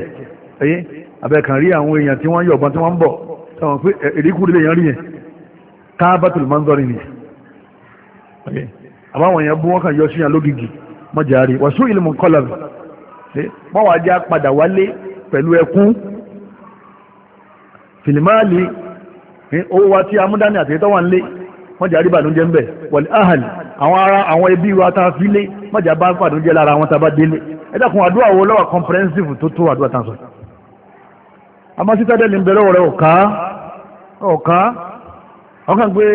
ẹyẹ abẹ́kàn rí àwọn èèyàn tí wọ́n yọ̀bọ̀n tí wọ́n ń bọ̀ táwọn pé ìríkùrí lè yan rí yẹn káàbàtùlù máa ń dọ́rin nìyẹn àbáwọn èèyàn bú wọ́n kàn yọ síyàn lógìgì wọ́n jẹ́ àárí wàṣú ìlú mọ̀kọ́lọ̀bì wọ́n wá já padà wálé pẹ̀lú ẹkún fìlìmáàlì owó wa tí amúdání àtẹ̀yẹ́tọ́ wà ń lé mọ́jà rí bàdúnjẹ́ ń bẹ̀ wọ̀lẹ̀ ahàlì àwọn ará àwọn ẹbí wa tá a fi lé mọ́jà bá bàdúnjẹ́ lára wọn tá a bá délé ẹ àdúrà wo lọ́wọ́ comprehensive tó tó àdúrà tán sọ. àmọ́ sítádẹ́lì ń bẹ̀rẹ̀ ọ̀rẹ́ ọ̀ká ọ̀ká ọ̀kan pé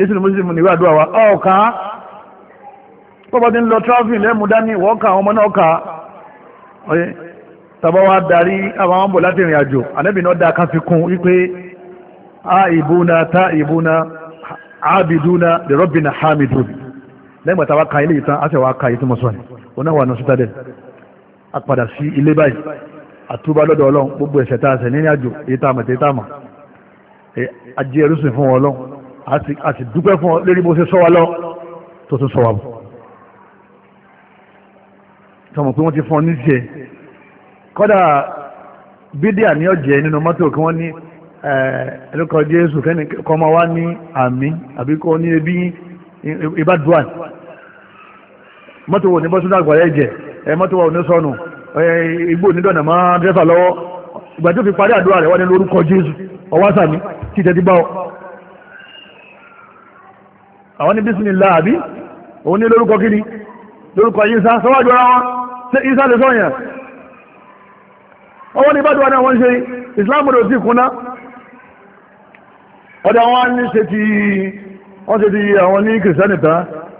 èsì ni mùsùlùmí níwá àdúrà wa ọ̀ká bọ́bá ti ń lọ tráfìn lẹ́mú dání wọ́ọ̀ka àwọn ọmọ náà ká ọ̀yẹ́ tàbá wa darí àwọn ọmọ bọ̀ láti ìrìn àjò abiduna li rabbina hamidun lẹ́yìn pàtàkì wákà ilé ìtàn àti wákà ìtì mọ̀sán oná wà ní citadel a padà sí ilé báyìí àtúbà lọ́dọ̀ ọlọ́run gbogbo ẹ̀ṣẹ̀ tá a ṣẹ̀ nínú àjò èyí tá a mọ̀tẹ́ tá a mọ̀ ajé ẹrúsìn fún ọlọ́run a sì dúpẹ́ fún ọ lérí bó ṣe sọ wa lọ tó tún sọ wa bọ̀ tọmọ pé wọ́n ti fún ọ ní tiẹ̀ kọ́dà bídíà ní ọ̀jẹ̀ nínú mọ́tò kí wọ́n ní ẹ̀lúkọ̀ eh, jésù kẹ́ni kọmọ wá ní àmì àbí kọ́ ní ebí ìbádùá mọ́tò wò ní bọ́sùn àgbà ẹ̀jẹ̀ ẹ eh, mọ́tò wò ní sọnù eh, igbó ní dọ̀nà máa dẹ́fà lọ́wọ́ ìgbà tó fi parí àdúrà rẹ̀ wọ́n ní lórúkọ jésù ọwá sàmì tí tẹ́tí bá ọ àwọn ní bísímillah àbí òun ní lórúkọ kíni lórúkọ yínsá sọ́wọ́dù ara wọn ṣe yínsá lè sọ́yàn ọwọ́ ní ìbádùá náà wọ́n ṣe ìsìlámù rẹ̀ ò sí kúnná ọ̀dọ̀ wọn ní ṣe ti wọ́n ṣe ti àwọn ní kìrìsìtẹ́nì tán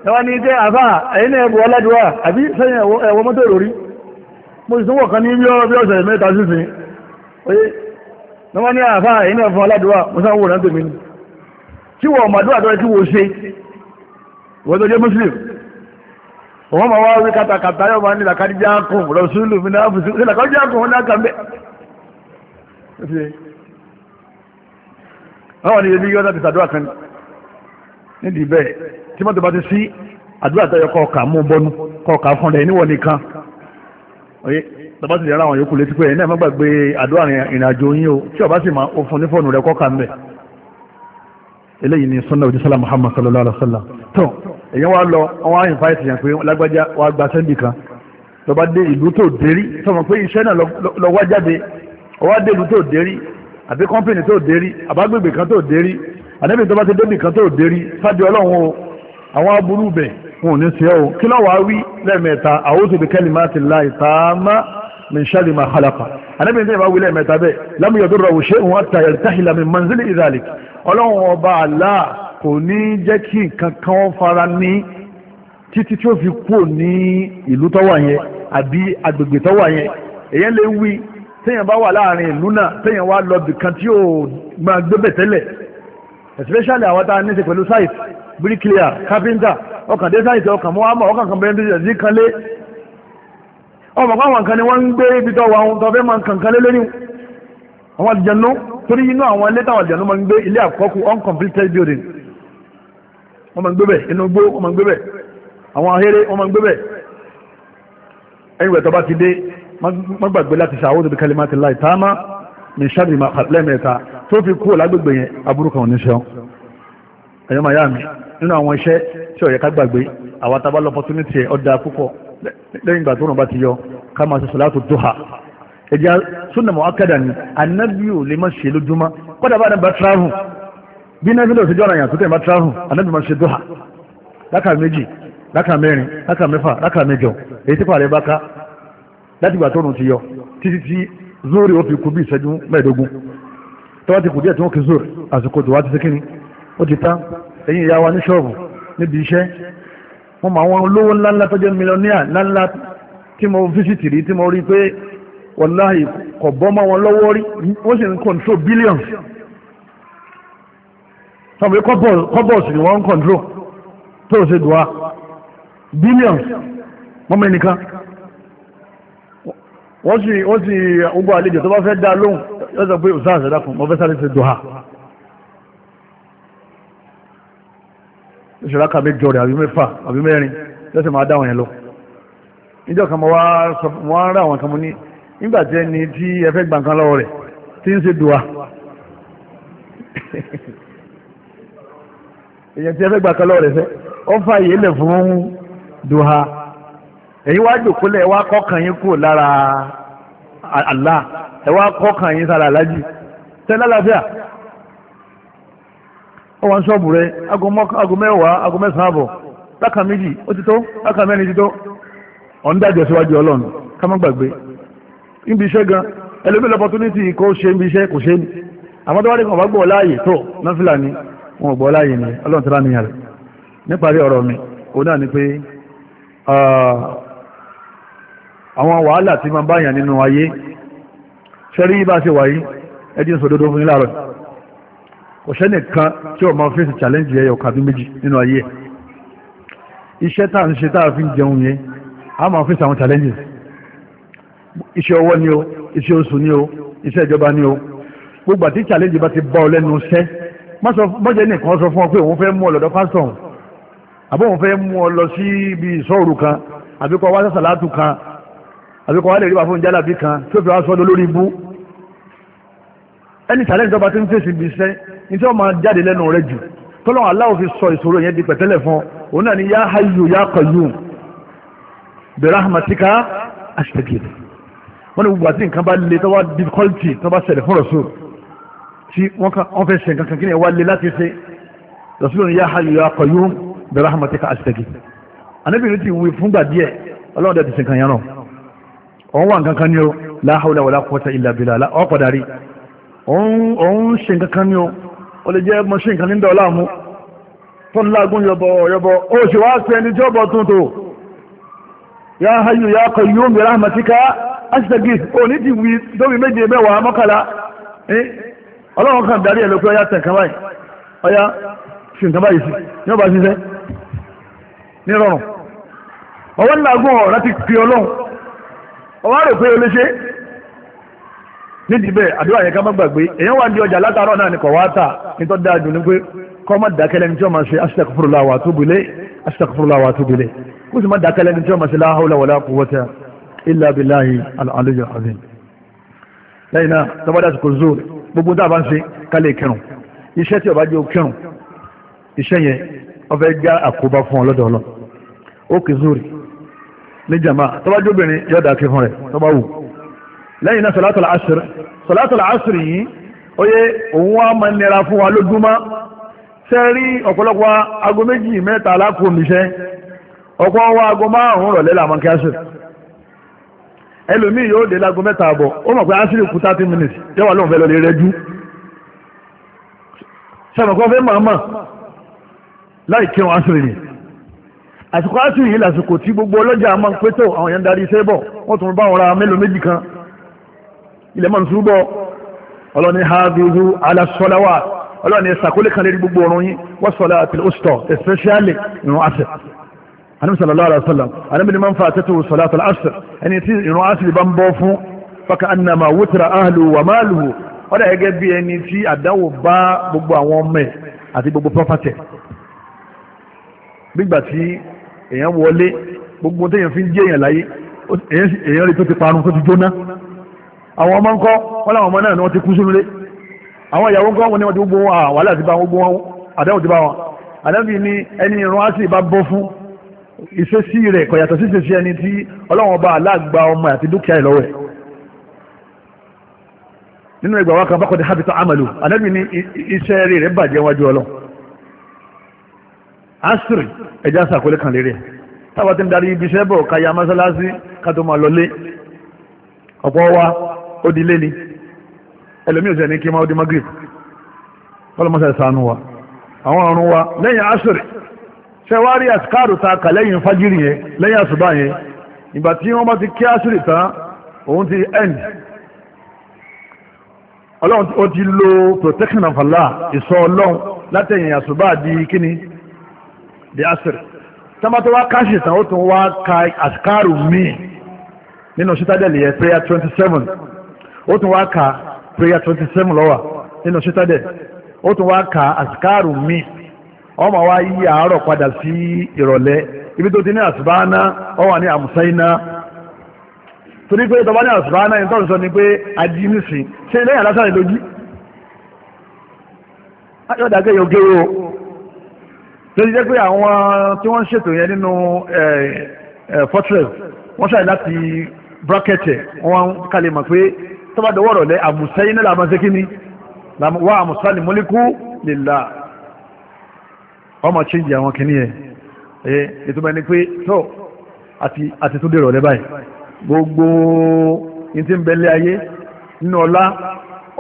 ẹwà ní jẹ́ àfà ẹ̀yìn náà ẹ̀bù ọlọ́dúnwà àbí sẹ́yìn ẹ̀wọ̀ mọ́tò ìròrí mo sì tún wọ̀ kan ní bí ọ̀sẹ̀ mẹ́ta sísìn oye ní wọ́n ní àfà ẹ̀yìn náà fún ọlọ́dúnwà mo sáwọn wòrán tèmi ni tí wọ́n màdúrà tó yẹ kí wo ṣe wọ́n tó jẹ́ muslim wọ́n máa wá wí katakata yóò máa ní làkàdíjà kùn lọ sí lùmínà fùsùn làkàdíjà kùn ó ní àkàmbẹ́ àwọn ni ebi yọ́dá ti sàdúrà kan nídìí bẹ́ẹ̀ tí mọ́tò bá ti sí àdúrà tẹ́yọ kọ́ọ̀kà mú bọ́nú kọ́ọ̀kà fún rẹ̀ níwọ̀n nìkan oye tọ́bá ti dára àwọn yòókù létí pé ẹ̀ náà má gbàgbé àdúrà ìrìnàjò yín o tí ọba sì máa ó fún ní fóònù rẹ̀ kọ́ọ̀kà ń bẹ̀ eléyìí ni sunna ojú sálà muhammad sallallahu alaihi wa sallam tó èyàn wá lọ wọn á invite yẹn pé lágbájá wà gba sẹ́ndì kan tọ́ba dé ìlú tó dérí sọ ma pé iṣẹ́ náà lọ wá jáde ọwá dé ìlú tó dérí àti kọ́mpìnì tó dérí àbágbègbè kan tó dérí àdébì tó bá ti débì kan tó dérí sáde ọlọ́run o àwọn aburú bẹ̀ wọn ò ní sí ẹ o kí lọ́wọ́ wí lẹ́ẹ̀mẹ́ta a'udhu bi kalimati llahi tamma min sharri ma khalaqa àdébì tó yẹ bá wí lẹ́ẹ̀mẹ́ta bẹ́ẹ̀ lam yadurruhu shay'un hatta yartahila min manzili dhalik ọlọ́run ọba àlá kò ní jẹ́ kí nǹkan kan fara ní títí tí ó fi kúrò ní ìlú tó yẹn àbí agbègbè tó yẹn èyàn lè wí téèyàn bá wà láàrin ìlú náà téèyàn wá lọ bìkan tí yóò máa gbébẹ̀ tẹ́lẹ̀ especially àwọn tá a ní ṣe pẹ̀lú site bricklayer carpenter ọkàn dé site ọkàn mọ́ àmọ́ ọkàn kan bẹ́ẹ̀ ní ìdí kan lé ọmọ kan àwọn kan ni wọ́n ń gbé ibi tó wà ohun tó fẹ́ máa kàn kan lé lórí àwọn àlùjànnú torí inú àwọn ilé táwọn àlùjànnú máa ń gbé ilé àkọ́kù uncompleted building wọ́n máa ń gbé bẹ̀ inú gbó wọ́n máa ń gbé bẹ̀ àwọn ahéré wọ́n máa ń gbé bẹ̀ ẹ̀yìn ìgbà tó bá ti má gbàgbé láti ṣàwọ́dọ̀ bí kalimati láì tààmà ní sharri ma lẹ́mẹ̀ẹ́ta tó fi kúrò lágbègbè yẹn aburú kan oníṣẹ́ ẹ̀yọ́ màá yá mi nínú àwọn iṣẹ́ tí ó yẹ ká gbàgbé àwọn tá bá l'opportunity ẹ̀ ọ̀dà púpọ̀ lẹ́yìn ìgbà tó rùn bá ti yọ ká máa ṣe salatu duha ẹ̀jẹ̀ súnà mọ́ akẹ́dà ni anábì ò lè má ṣe lójúmọ́ kọ́dà bá dábàá travel bí náà fílẹ̀ òṣèjọ́ àyàn tó tẹ̀ bá travel anábì má ṣe duha lákà méjì lákà mẹ́rin lákà mẹ́fà lákà mẹ́jọ èyí tí pàrẹ̀ bá ká láti ìgbà tóòrùn ti yọ títí tí zóòrì ó fi kú bí ìṣẹ́jú mẹ́ẹ̀ẹ́dógún tọ́wọ́ ti kù díẹ̀ tí wọ́n kì í zóòrì àsìkò tó wá ti sékìní ó ti tán ẹ̀yìn ìyá wa ní ṣọ́ọ̀bù níbi iṣẹ́ wọ́n mọ àwọn olówó ńláńlá tó jẹ́ mílíọ̀nìyà ńláńlá tí mo fíṣítì rí tí mo rí pé wàláhì kò bọ́ mọ́ wọn lọ́wọ́ rí ó sì ń kọ̀ǹtró bílíọ̀nù sọ̀rọ̀ pé kọ́bọ̀ọ̀sì ni wọ́n ń kọ̀ǹtró tó ṣe dùn wa bílíọ̀nù wọ́n sì wọ́n sì gbogbo àlejò tó bá fẹ́ dá lóhùn yóò sọ pé òsán àṣẹ dákun mo fẹ́ sáré ṣe dùhà ìṣòro aka méjọ rẹ̀ àbí mẹ́fà àbí mẹ́rin lọ́sẹ̀ máa dáwọn yẹn lọ níjọ́ kan mo wá sọ mo wá ń rà àwọn kan mo ní nígbà tí ẹni tí ẹ fẹ́ gbà nǹkan lọ́wọ́ rẹ̀ tí ń ṣe dùhà èyàn tí ẹ fẹ́ gbà nǹkan lọ́wọ́ rẹ̀ fẹ́ ọ fà yé lẹ̀ fún dùhà èyí wá jòkó lẹ̀ wá kọ́kàn yín kúrò lára Allah ẹ wá kọ́kàn yín sára alájì tẹ́lá láfíà ó wà ń ṣọ́ọ̀bù rẹ aago mẹ́wàá aago mẹ́sàn-án àbọ̀ láka méjì ó ti tó láka mẹ́rin ti tó ọ̀ ń dájọ́ síwájú ọlọ́run ká má gbàgbé níbi iṣẹ́ gan ẹlòmíì lọ́pọ̀túnítì kó ṣe níbi iṣẹ́ kò ṣe ní àmọ́ tó wá ní kan bá gbọ́ láàyè tó náfìlà ni wọn ò gbọ́ láàyè ni ọlọ́run ti rá nìyàn rẹ̀ níparí ọ̀rọ̀ mi òun náà ni pé àwọn wàhálà tí ma báyàn nínú ayé ṣẹ́rí bá ṣe wáyé ẹjí ń sọdọ́dọ́ fún láàrọ̀ kò sẹ́nì kan tí ó máa fèsì challenge ẹyọ kàbí méjì nínú ayé iṣẹ́ tá ń ṣe táà fi ń jẹun yẹn a máa fèsì àwọn challenges iṣẹ́ ọwọ́ ni o iṣẹ́ oṣù ni o iṣẹ́ ìjọba ni o gbogbo àti challenge bá ti bá ọ lẹ́nu iṣẹ́ mọ́jẹ́ nìkan sọ fún ọ pé òun fẹ́ mú ọ lọ́dọ̀ pásítọ̀ àbí òun fẹ́ mú ọ lọ sí ibi ìṣọ́ kan àbí kọ́ sàlátù kan àbíkọ̀ wà lè rípa fún jálàbí kan tí ó fi wá sọ́dọ̀ lórí ibú ẹni challenge tó bá ti ń fèsì ibi iṣẹ́ ní tí wọ́n máa jáde lẹ́nu rẹ jù tọ́lọ́ Allah fi sọ ìṣòro yẹn di pẹ̀tẹ́lẹ̀ fún òun náà ni yá hayyu yá qayyum bi rahmatika astaghith wọ́n ní gbogbo àti nǹkan bá le tó wá difficulty tó bá ṣẹlẹ̀ fún Rasul tí wọ́n fẹ́ ṣe nǹkan kí wá le láti ṣe Rasul yá hayyu yá qayyum bi rahmatika astaghith anábìrin ti wí fúngbà díẹ̀ ọlọ́run dẹ̀ ti ṣe nǹkan yẹn náà òun wà kan o la hawla wala quwwata illa ọ òun ṣe nǹkan kan o lè jẹ́ mọ́ṣẹ́ nǹkan ní dọ́ọ̀lá mú tó ń lágún yọbọ yọbọ wá sí ẹni ya hayyu ya qayyum bi rahmatika astaghith ní ti wí dóbi méje mẹ́wàá mọ́kànlá ọlọ́run kan darí ẹ̀ ọyá tẹ̀ báyìí ọyá ṣe nǹkan báyìí ọwọ́ rẹ̀ pé o lè ṣe nídìí bẹ́ẹ̀ àdúrà yẹn ká má gbàgbé èèyàn wà ní ọjà látàárọ̀ náà ni kò wá tà nítorí dáa dùn ní pé kọ́ má dákẹ́lẹ́ ní tí wọ́n máa ṣe astaghfirullah wa atubu ilayh astaghfirullah wa atubu ilayh kó sì má dákẹ́lẹ́ ní tí wọ́n máa ṣe la hawla wala quwwata illa billahi al-aliyyil azim. lẹ́yìn náà tọ́bádà ti kò zó gbogbo tá a bá ń ṣe kálẹ̀ kírun iṣẹ́ tí ọba jẹ́ kírun iṣẹ́ yẹn ọ fẹ́ já àkóbá fún ọlọ́dọ̀ ọlọ́ ó kì zóòrì ní jama tó bá jóbìnrin yóò dá kíkún rẹ̀ tó bá wù lẹ́yìn náà sọ̀látọ̀ àṣírí sọ̀látọ̀ àṣírí yìí ó yẹ òun wá máa nira fún wa lójúmọ́ ṣe rí ọ̀pọ̀lọpọ̀ aago méjì mẹ́ta alákòómiṣẹ́ ọ̀pọ̀ wa aago márùn-ún rọ̀lẹ́ làwọn kí àṣírí ẹlòmíì yóò dé láago mẹ́ta àbọ̀ ó mọ̀ pé àṣírí kù thirty minutes yóò wà lóun fẹ́ lọ lè rẹ́jú sọ̀rọ̀ kan fẹ́ máa mọ̀ láì kírun àṣírí yìí àsìkò àti yìí lásìkò tí gbogbo ọlọ́jà máa ń pétò àwọn èèyàn darí iṣẹ́ bọ̀ wọ́n tún bá wọn ra mélòó méjì kan ilẹ̀ máa ń túbọ̀ ọlọ́ni habibu alasọ́láwà ọlọ́ni ṣàkólé kan lérí gbogbo ọ̀run yín wọ́n sọ̀lá àtìlẹ́ òṣìṣọ́ especially ìrún àṣẹ anamisa lọ́la àṣọlá anamini máa ń fa àtẹ́tù sọ̀lá àtàlẹ́ àṣẹ ẹni tí ìrún àṣẹ bá ń bọ́ fún faka anama wutra ahlu wa maluhu ọ̀dà gẹ́gẹ́ bí ẹni tí àdáwò bá gbogbo àwọn ọmọ ẹ̀ àti gbogbo pọ́fàtẹ̀ gbígbà tí èèyàn wọlé gbogbo téèyàn fi ń jẹ́ èèyàn láyé èèyàn rí tó ti parun tó ti jóná àwọn ọmọ ńkọ́ wọn làwọn ọmọ náà ni wọ́n ti kú sínú lé àwọn ìyàwó ńkọ́ wọn ni wọ́n ti gbogbo wọn wàhálà ti bá wọn gbogbo wọn àdáwò ti bá wọn àdábì ni ẹni irun á sì bá bọ́ fún ìṣesí rẹ̀ kò yàtọ̀ sí ìṣesí ẹni tí ọlọ́wọ́n ọba aláàgbà ọmọ àti dúkìá ẹ̀ lọ́wọ́ ẹ̀ nínú ẹgbà wákà bákọ̀dé hábitọ̀ àmàlù àdábì ni iṣẹ́ rẹ̀ bàjẹ́ wájú ọlọ́ asiri ẹjá sàkólé kan lérí ẹ̀ tábà tí ń darí ibi iṣẹ́ bọ̀ káyà mọ́sálásí ká tó máa lọlé ọ̀pọ̀ wa ó di léni ẹlòmíì òsè ní kí máa ó di magrib ọlọ́mọsẹ̀ sànú wa àwọn ọ̀run wa lẹ́yìn asiri ṣẹwárí àsìkáàrù ta kà lẹ́yìn fájírì yẹn lẹ́yìn àsùbá yẹn ìgbà tí wọ́n bá ti kí asiri tán òun ti end ọlọ́run ó ti lo protection of Allah ìsọ ọlọ́run látẹ̀yìn àsùbá di kíni bí asiri ta tó wá káṣì tán ó tún ka askaru míì nínú citadel yẹn prayer twenty seven ó tún wá ka prayer twenty seven lọ́wọ́ nínú citadel ó tún wá ka àṣkárù wa yí àárọ̀ padà sí ìrọ̀lẹ́ ibi tó ti ní ọ ó wà ní to torí pé tọba ní àṣìbáná yìí tọ́rọ̀ ni pé nísìn tó ti jẹ́ pé àwọn tí wọ́n ń ṣètò yẹn nínú fortress wọ́n ṣàyẹ̀ láti bracket wọ́n kalẹ̀ mọ̀ pé tọ́ba dọwọ́ rọ̀ lẹ́ àmùsẹ́yìn náà làmọ́ ṣe kí ni wá àmùsá ni mọ́líkù lillah ọmọ change àwọn kìíní yẹn ètò bẹ́ẹ̀ ni pé tó àti tó dèrò ọ̀lẹ́ báyìí gbogbo ní ti ń bẹ́ẹ̀ lé ayé nínú ọlá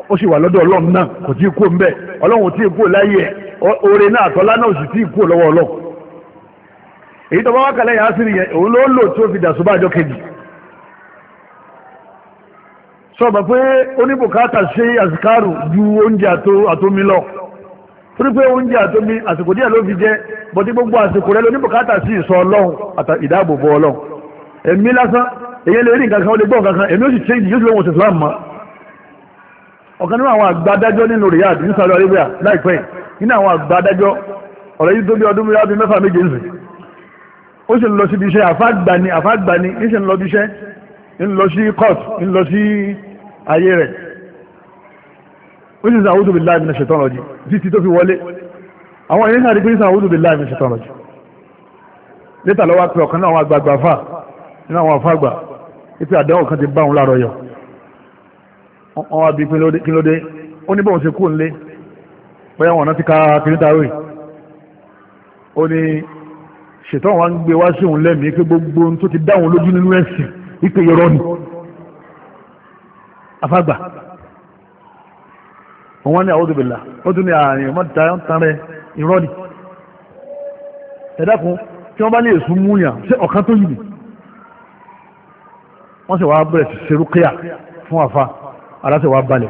ó sì wà lọ́dọ̀ ọlọ́run náà kò tí ì kú mbẹ́ ọlọ́run tí ì kú láyé ẹ̀ oore náà àtọ́lá náà sì tí ì kú lọ́wọ́ ọlọ́run èyí tó bá wá kàlẹ́ o sí nìyẹn òun ló lò tó fi dàsùbà àjọ kejì ju oúnjẹ àtomi lọ torí pé oúnjẹ àtomi àsìkò díẹ̀ ló fi jẹ́ bọ́tí gbogbo àsìkò rẹ lóníbùkátà ọlọ́run ìdáàbòbò ọlọ́run lásán èyí lè rí nǹkan kan ó lè gbọ́ nǹkan kan èmi ó sì ọ̀kan nínú àwọn àgbàdájọ́ nínú Riyadh ní Saudi Arabia láìpẹ́ nínú àwọn àgbàdájọ́ ọ̀rọ̀ yìí tó bí ọdún mìíràn bí mẹ́fà méje ń sìn ó sì ń lọ síbi iṣẹ́ àfágbani àfágbani ń sì ń lọ bí iṣẹ́ ń lọ sí court ń lọ sí ayé rẹ̀ ó sì ń sàn àwùjọ bìláì nínú ṣètò ọ̀rọ̀ jì títí tó fi wọlé àwọn èèyàn sáré pé ń sàn àwùjọ bìláì nínú ṣètò ọ̀rọ̀ jì létà lọ́wọ́ pé ọ̀kan náà àwọn àgbààgbà fà nínú àwọn àfágbà ipe àdéhùn kan ti bá òun láàárọ̀ yọ̀ wọ́n wá bí kí ló dé ó ní bóun ṣe kú nílé bóyá wọn ti ka kìrìtàwé ó ní ṣètò àwọn gbé wá sí òun lẹ́mìí pé gbogbo ohun tó ti dá lójú nínú ẹ̀sìn wípé irọ́ ni afágbà wọ́n ní àwọn òbílà ó tún ní ah, àárín mọ́ta tán rẹ irọ́ ni ẹ̀dákun tí wọ́n bá lè sún múyàn ṣé ọ̀kan tó yìí wọ́n sì wá bẹ̀rẹ̀ sí serúkẹ́yà fún àfa aláṣẹ wa balẹ̀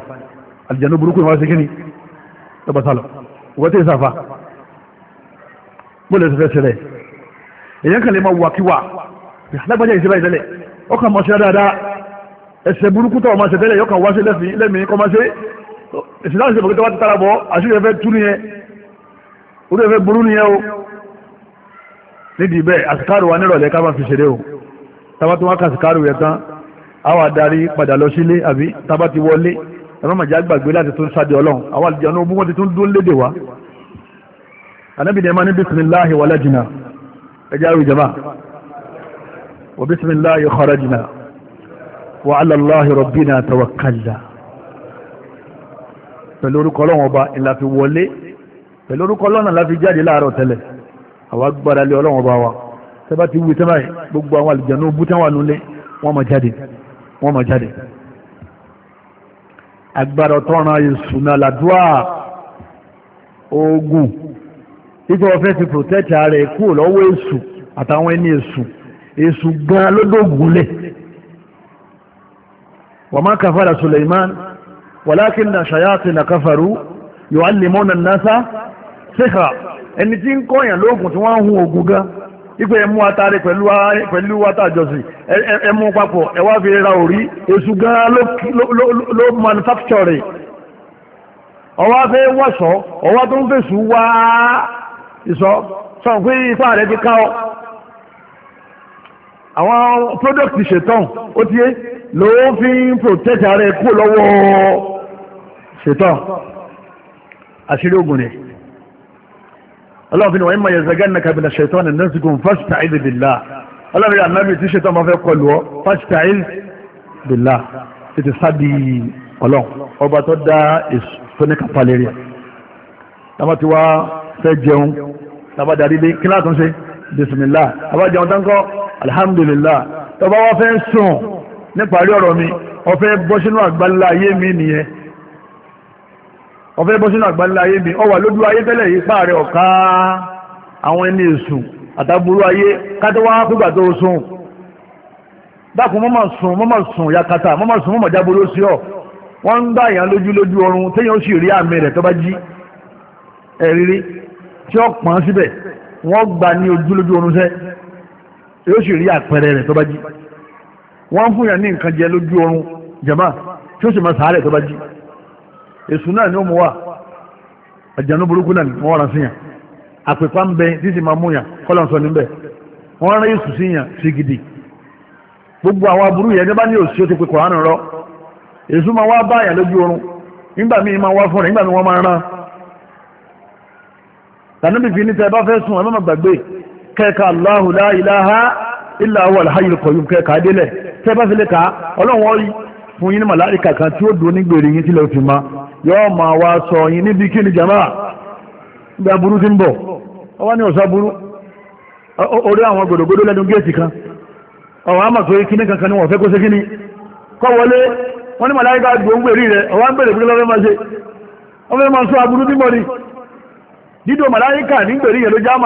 àlìjànnú burúkú ìwọ́n ṣe kí ni lọ́ba sálọ ìwọ́n tẹ̀ sáfà bóòlù ẹ̀sẹ̀ fẹ́sẹ̀ rẹ̀ èyàn kan lè máa wàkíwà lágbàjá ìṣẹ́lá ìtẹ́lẹ̀ ọkàn mọ̀ sí dáadáa ẹ̀sẹ̀ burúkú tọ̀ ọmọ ṣẹ̀tẹ́lẹ̀ yóò kàn wá sí lẹ́mìí kọ́ máa ṣe ìṣẹ́lá ìṣẹ́ bọ̀kẹ́tẹ́ wá ti tara bọ̀ àṣírí ẹ̀fẹ́ tú nìyẹn orí ẹ̀fẹ́ burú nìyẹn o nídìí bẹ́ẹ̀ àsìkárù wa nírọ̀lẹ́ ká máa fi ṣeré o tábà tó wá kà àsìkárù yẹn tán àwọn adarí padà lọ sílé àbí tábà ti wọlé ẹ̀rọ màjá gbàgbé láti tún sáde ọlọ́run àwọn àlùjọ náà wọ́n ti tún dún léde wá anábì ní ẹ máa ní bisimilahi wàlá jìnnà ẹjẹ́ àwọn ìjọba wa bisimilahi kharajna wa ala Allahi rabbina tawakkalna pẹ̀lú orúkọ ọlọ́run ọba ìlà fi wọlé pẹ̀lú orúkọ ọlọ́run la fi jáde láàárọ̀ tẹ́lẹ̀ àwa gbára lé ọlọ́run ọba wa tẹ́bá ti wí tẹ́bá gbogbo àwọn àlùjọ náà bú tẹ́wà nulẹ̀ wọ́n máa jáde wọ́n máa jáde agbára ọ̀tọ́ran ìsúná làdúrà oògùn nígbà wọ́n fẹ́ ti protect ààrẹ kúrò lọ́wọ́ èṣù àtàwọn ẹni èṣù èṣù gan lódògúnlẹ̀ wa ma kafara Suleiman walakinna shayatina kafaru yuallimuna an-nasa sihra ẹni tí ń kọ́yàn lóògùn tí wọ́n ń hun oògùn gan ipe ẹmú atari pẹ̀lú atajọsí ẹmú papọ̀ ẹwà fi ra òrí èṣù gan ló manufacture ọwá fẹ́ wọ́sọ̀ ọwá tó ń fèsù wá ìsọ sọ pé ipá rẹ̀ ti ká ọ àwọn product ṣetán ó tiẹ̀ ló fi ń protect ara ẹ̀ kó lọ́wọ́ ṣetán àṣírí ogun rẹ̀ ọlọ́run wọ́n mọ̀ yẹ̀zẹ̀gẹ́ nàkà bí ṣètọ́ ní nẹ́sìkún fásitàìl bìlá ọlọ́run ànábì tí ṣètọ́ máa fẹ́ kọlu ọ fásitàìl bìlá títí sábì ọlọ́run ọba tó dá èso tó ní kàfàlẹ́rì tàbá ti wá fẹ́ jẹun tàbá darí lé kí látún ṣe bisimilá tàbá jẹun tánkọ́ alihamdulilá tàbá wá fẹ́ sùn níparí ọ̀rọ̀ mi ọ fẹ́ bọ́ sínú àgbáńlá mi nìyẹn ọ̀fẹ́ bọ́ sínú àgbáńlá ayé mi ọwà lójú ayé tẹ́lẹ̀ yìí páàrẹ ọ̀ká àwọn ẹni èṣù àtàbúrú ayé kátẹ́wá pígbà tó sùn dákun mọ́mọ̀ sùn mọ́mọ̀ sùn yakata mọ́mọ̀ sùn mọ́mọ̀ jábúrú sí ọ wọ́n ń gbà yàn lójú lójú ọrùn téèyàn ó sì rí àmì rẹ̀ tó bá jí ẹ̀rírí tí ó pọ̀n síbẹ̀ wọ́n gbà ní ojú lójú ọrùn sẹ́ yóò sì rí àpẹẹrẹ rẹ̀ tó bá jí wọ́n fún yàn ní nǹkan jẹ lójú ọrùn jẹ̀má tí ó sì máa sàárẹ̀ tó bá jí èsù náà ni ó mú wa àjànú burúkú náà wọ́n rán sí yàn àpèpá ń bẹ títí máa mú yàn kọ́lọ̀ sọ níbẹ̀ wọ́n rán èsù sí yàn sí gidi gbogbo àwọn aburú yẹn nígbà ní òsì ó ti pe kọ̀ọ̀rán rọ èsù máa wá bá yàn lójú oorun nígbà míì máa wá fún rẹ̀ nígbà míì wọ́n máa rán fi ní bá fẹ́ sùn gbàgbé kẹ́ẹ̀ka la ilaha illa kẹ́ẹ̀ka délẹ̀ tẹ́ bá ka ọlọ́run wọ́n fún yín ní kan tí ó yín tí lè yọ́ ma wá sọ yìí níbi jama níbi aburú ti ń bọ̀ ọwá ní ọ̀sá burú orí àwọn gbòdògbòdò lẹ́nu géètì kan ọ̀wọ́n á mà pé kíní kankan ni wọ́n fẹ́ kó sé kíní kọ́ wọlé wọ́n ní rẹ̀ ń bèrè máa ṣe wọ́n fẹ́ máa sọ aburú ti ń bọ̀ ni dídò màláyíká ní gbèrè yẹn ló já ń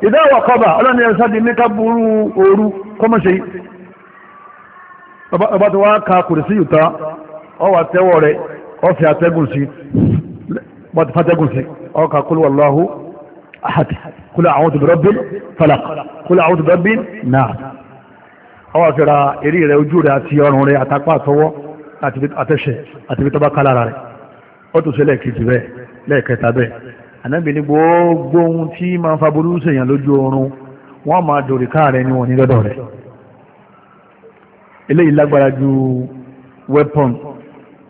bẹ kọba ọba tí wọ́n ka kùrìsí ìta ọwà tẹ́wọ̀ rẹ̀ ọfì atẹ́gùn sí wọ́n ti fatẹ́gùn sí ọkà kúlù wàláhù ahad kúlù àwọn tó bẹ̀rẹ̀ bín falak kúlù àwọn tó bẹ̀rẹ̀ bín náà ọwà fẹ́ra eré rẹ̀ ojú rẹ̀ àti ọrùn rẹ̀ àtàpá àtọwọ́ àtẹ̀ṣẹ̀ àti bí tọ́ba kálára rẹ̀ ó tún ṣe lẹ́ẹ̀kejì bẹ́ẹ̀ lẹ́ẹ̀kẹta bẹ́ẹ̀ ànábì ní gbogbo ohun tí máa fa burú sèèyàn lójú oorun wọ́n máa dòrìká rẹ̀ ni wọ́n ní lọ́dọ̀ rẹ̀ eléyìí lágbára ju weapon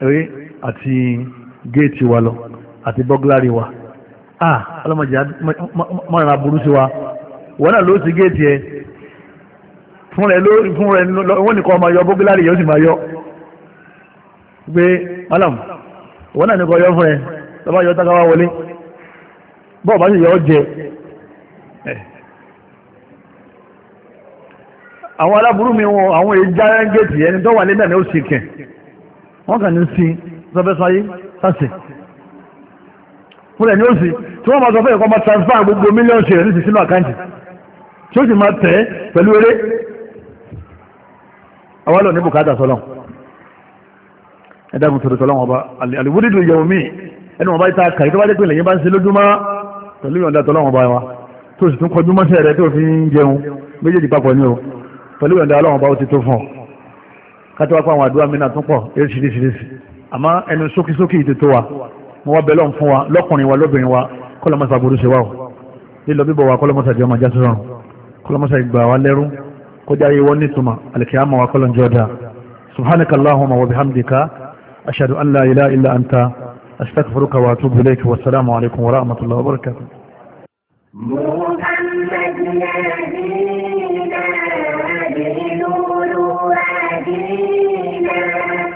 eré àti géètì wa lọ àti bọ́gláàrì wa ah ọlọ́mọdé mọ́ra aburú sí wa wọ́n náà ló ti géètì ẹ fún rẹ lórí fún rẹ wọ́n nìkan ọmọ yọ bọ́gláàrì yóò sì máa yọ pé malam wọ́n náà nìkan yọ fún rẹ lọ́ba yọ tákàwá wọlé bọ́ọ̀ bá sì yọ ọ jẹ àwọn aláburú mi wọn àwọn èjá gẹ́ẹ̀tì ẹni tó wà lé náà ni ó sì kẹ̀ wọ́n kàn ní sí sọfẹ́sáyé sásì fúnlẹ̀ ni ó sì tí wọ́n máa sọ fún ẹ̀kọ́ máa transfer gbogbo mílíọ̀nù ṣe rẹ̀ ní sísínú àkáǹtì tí ó sì máa tẹ̀ pẹ̀lú eré àwọn lọ ní bùkátà sọlọ́n ẹ̀dá gùtùrù sọlọ́n ọba àlùwúdìdù yẹ̀wò mí ẹni wọn bá ta kàrí tó bá dé pé lẹ́yìn bá ń ṣe lójúmọ́ pẹ̀lú ìyọ̀ǹda sọlọ́n ọba wa tó sì tún kọjú mọ́ṣẹ́ rẹ̀ tó fi ń jẹun méjèèjì papọ̀ ní o pẹ̀lú ìrọ̀dá ọlọ́run bá ó ti tó fún ọ kátó wá pa àwọn àdúrà mìíràn tó pọ̀ eréṣiríṣiríṣi àmọ́ ẹnu sókísókí ti tó wa mo wá bẹ̀lọ́n fún wa lọ́kùnrin wa lóbìnrin wa kọ́lọ́mọ́sà burú ṣe wá o lílọ bíbọ̀ wa kọ́lọ́mọ́sà jẹ́ ọmọ jásí rọrùn ìgbà wa lẹ́rú kọjá ayé wọn nítumọ̀ alìkìyàmọ̀ wa wa bihamdika ashhadu an wa atubu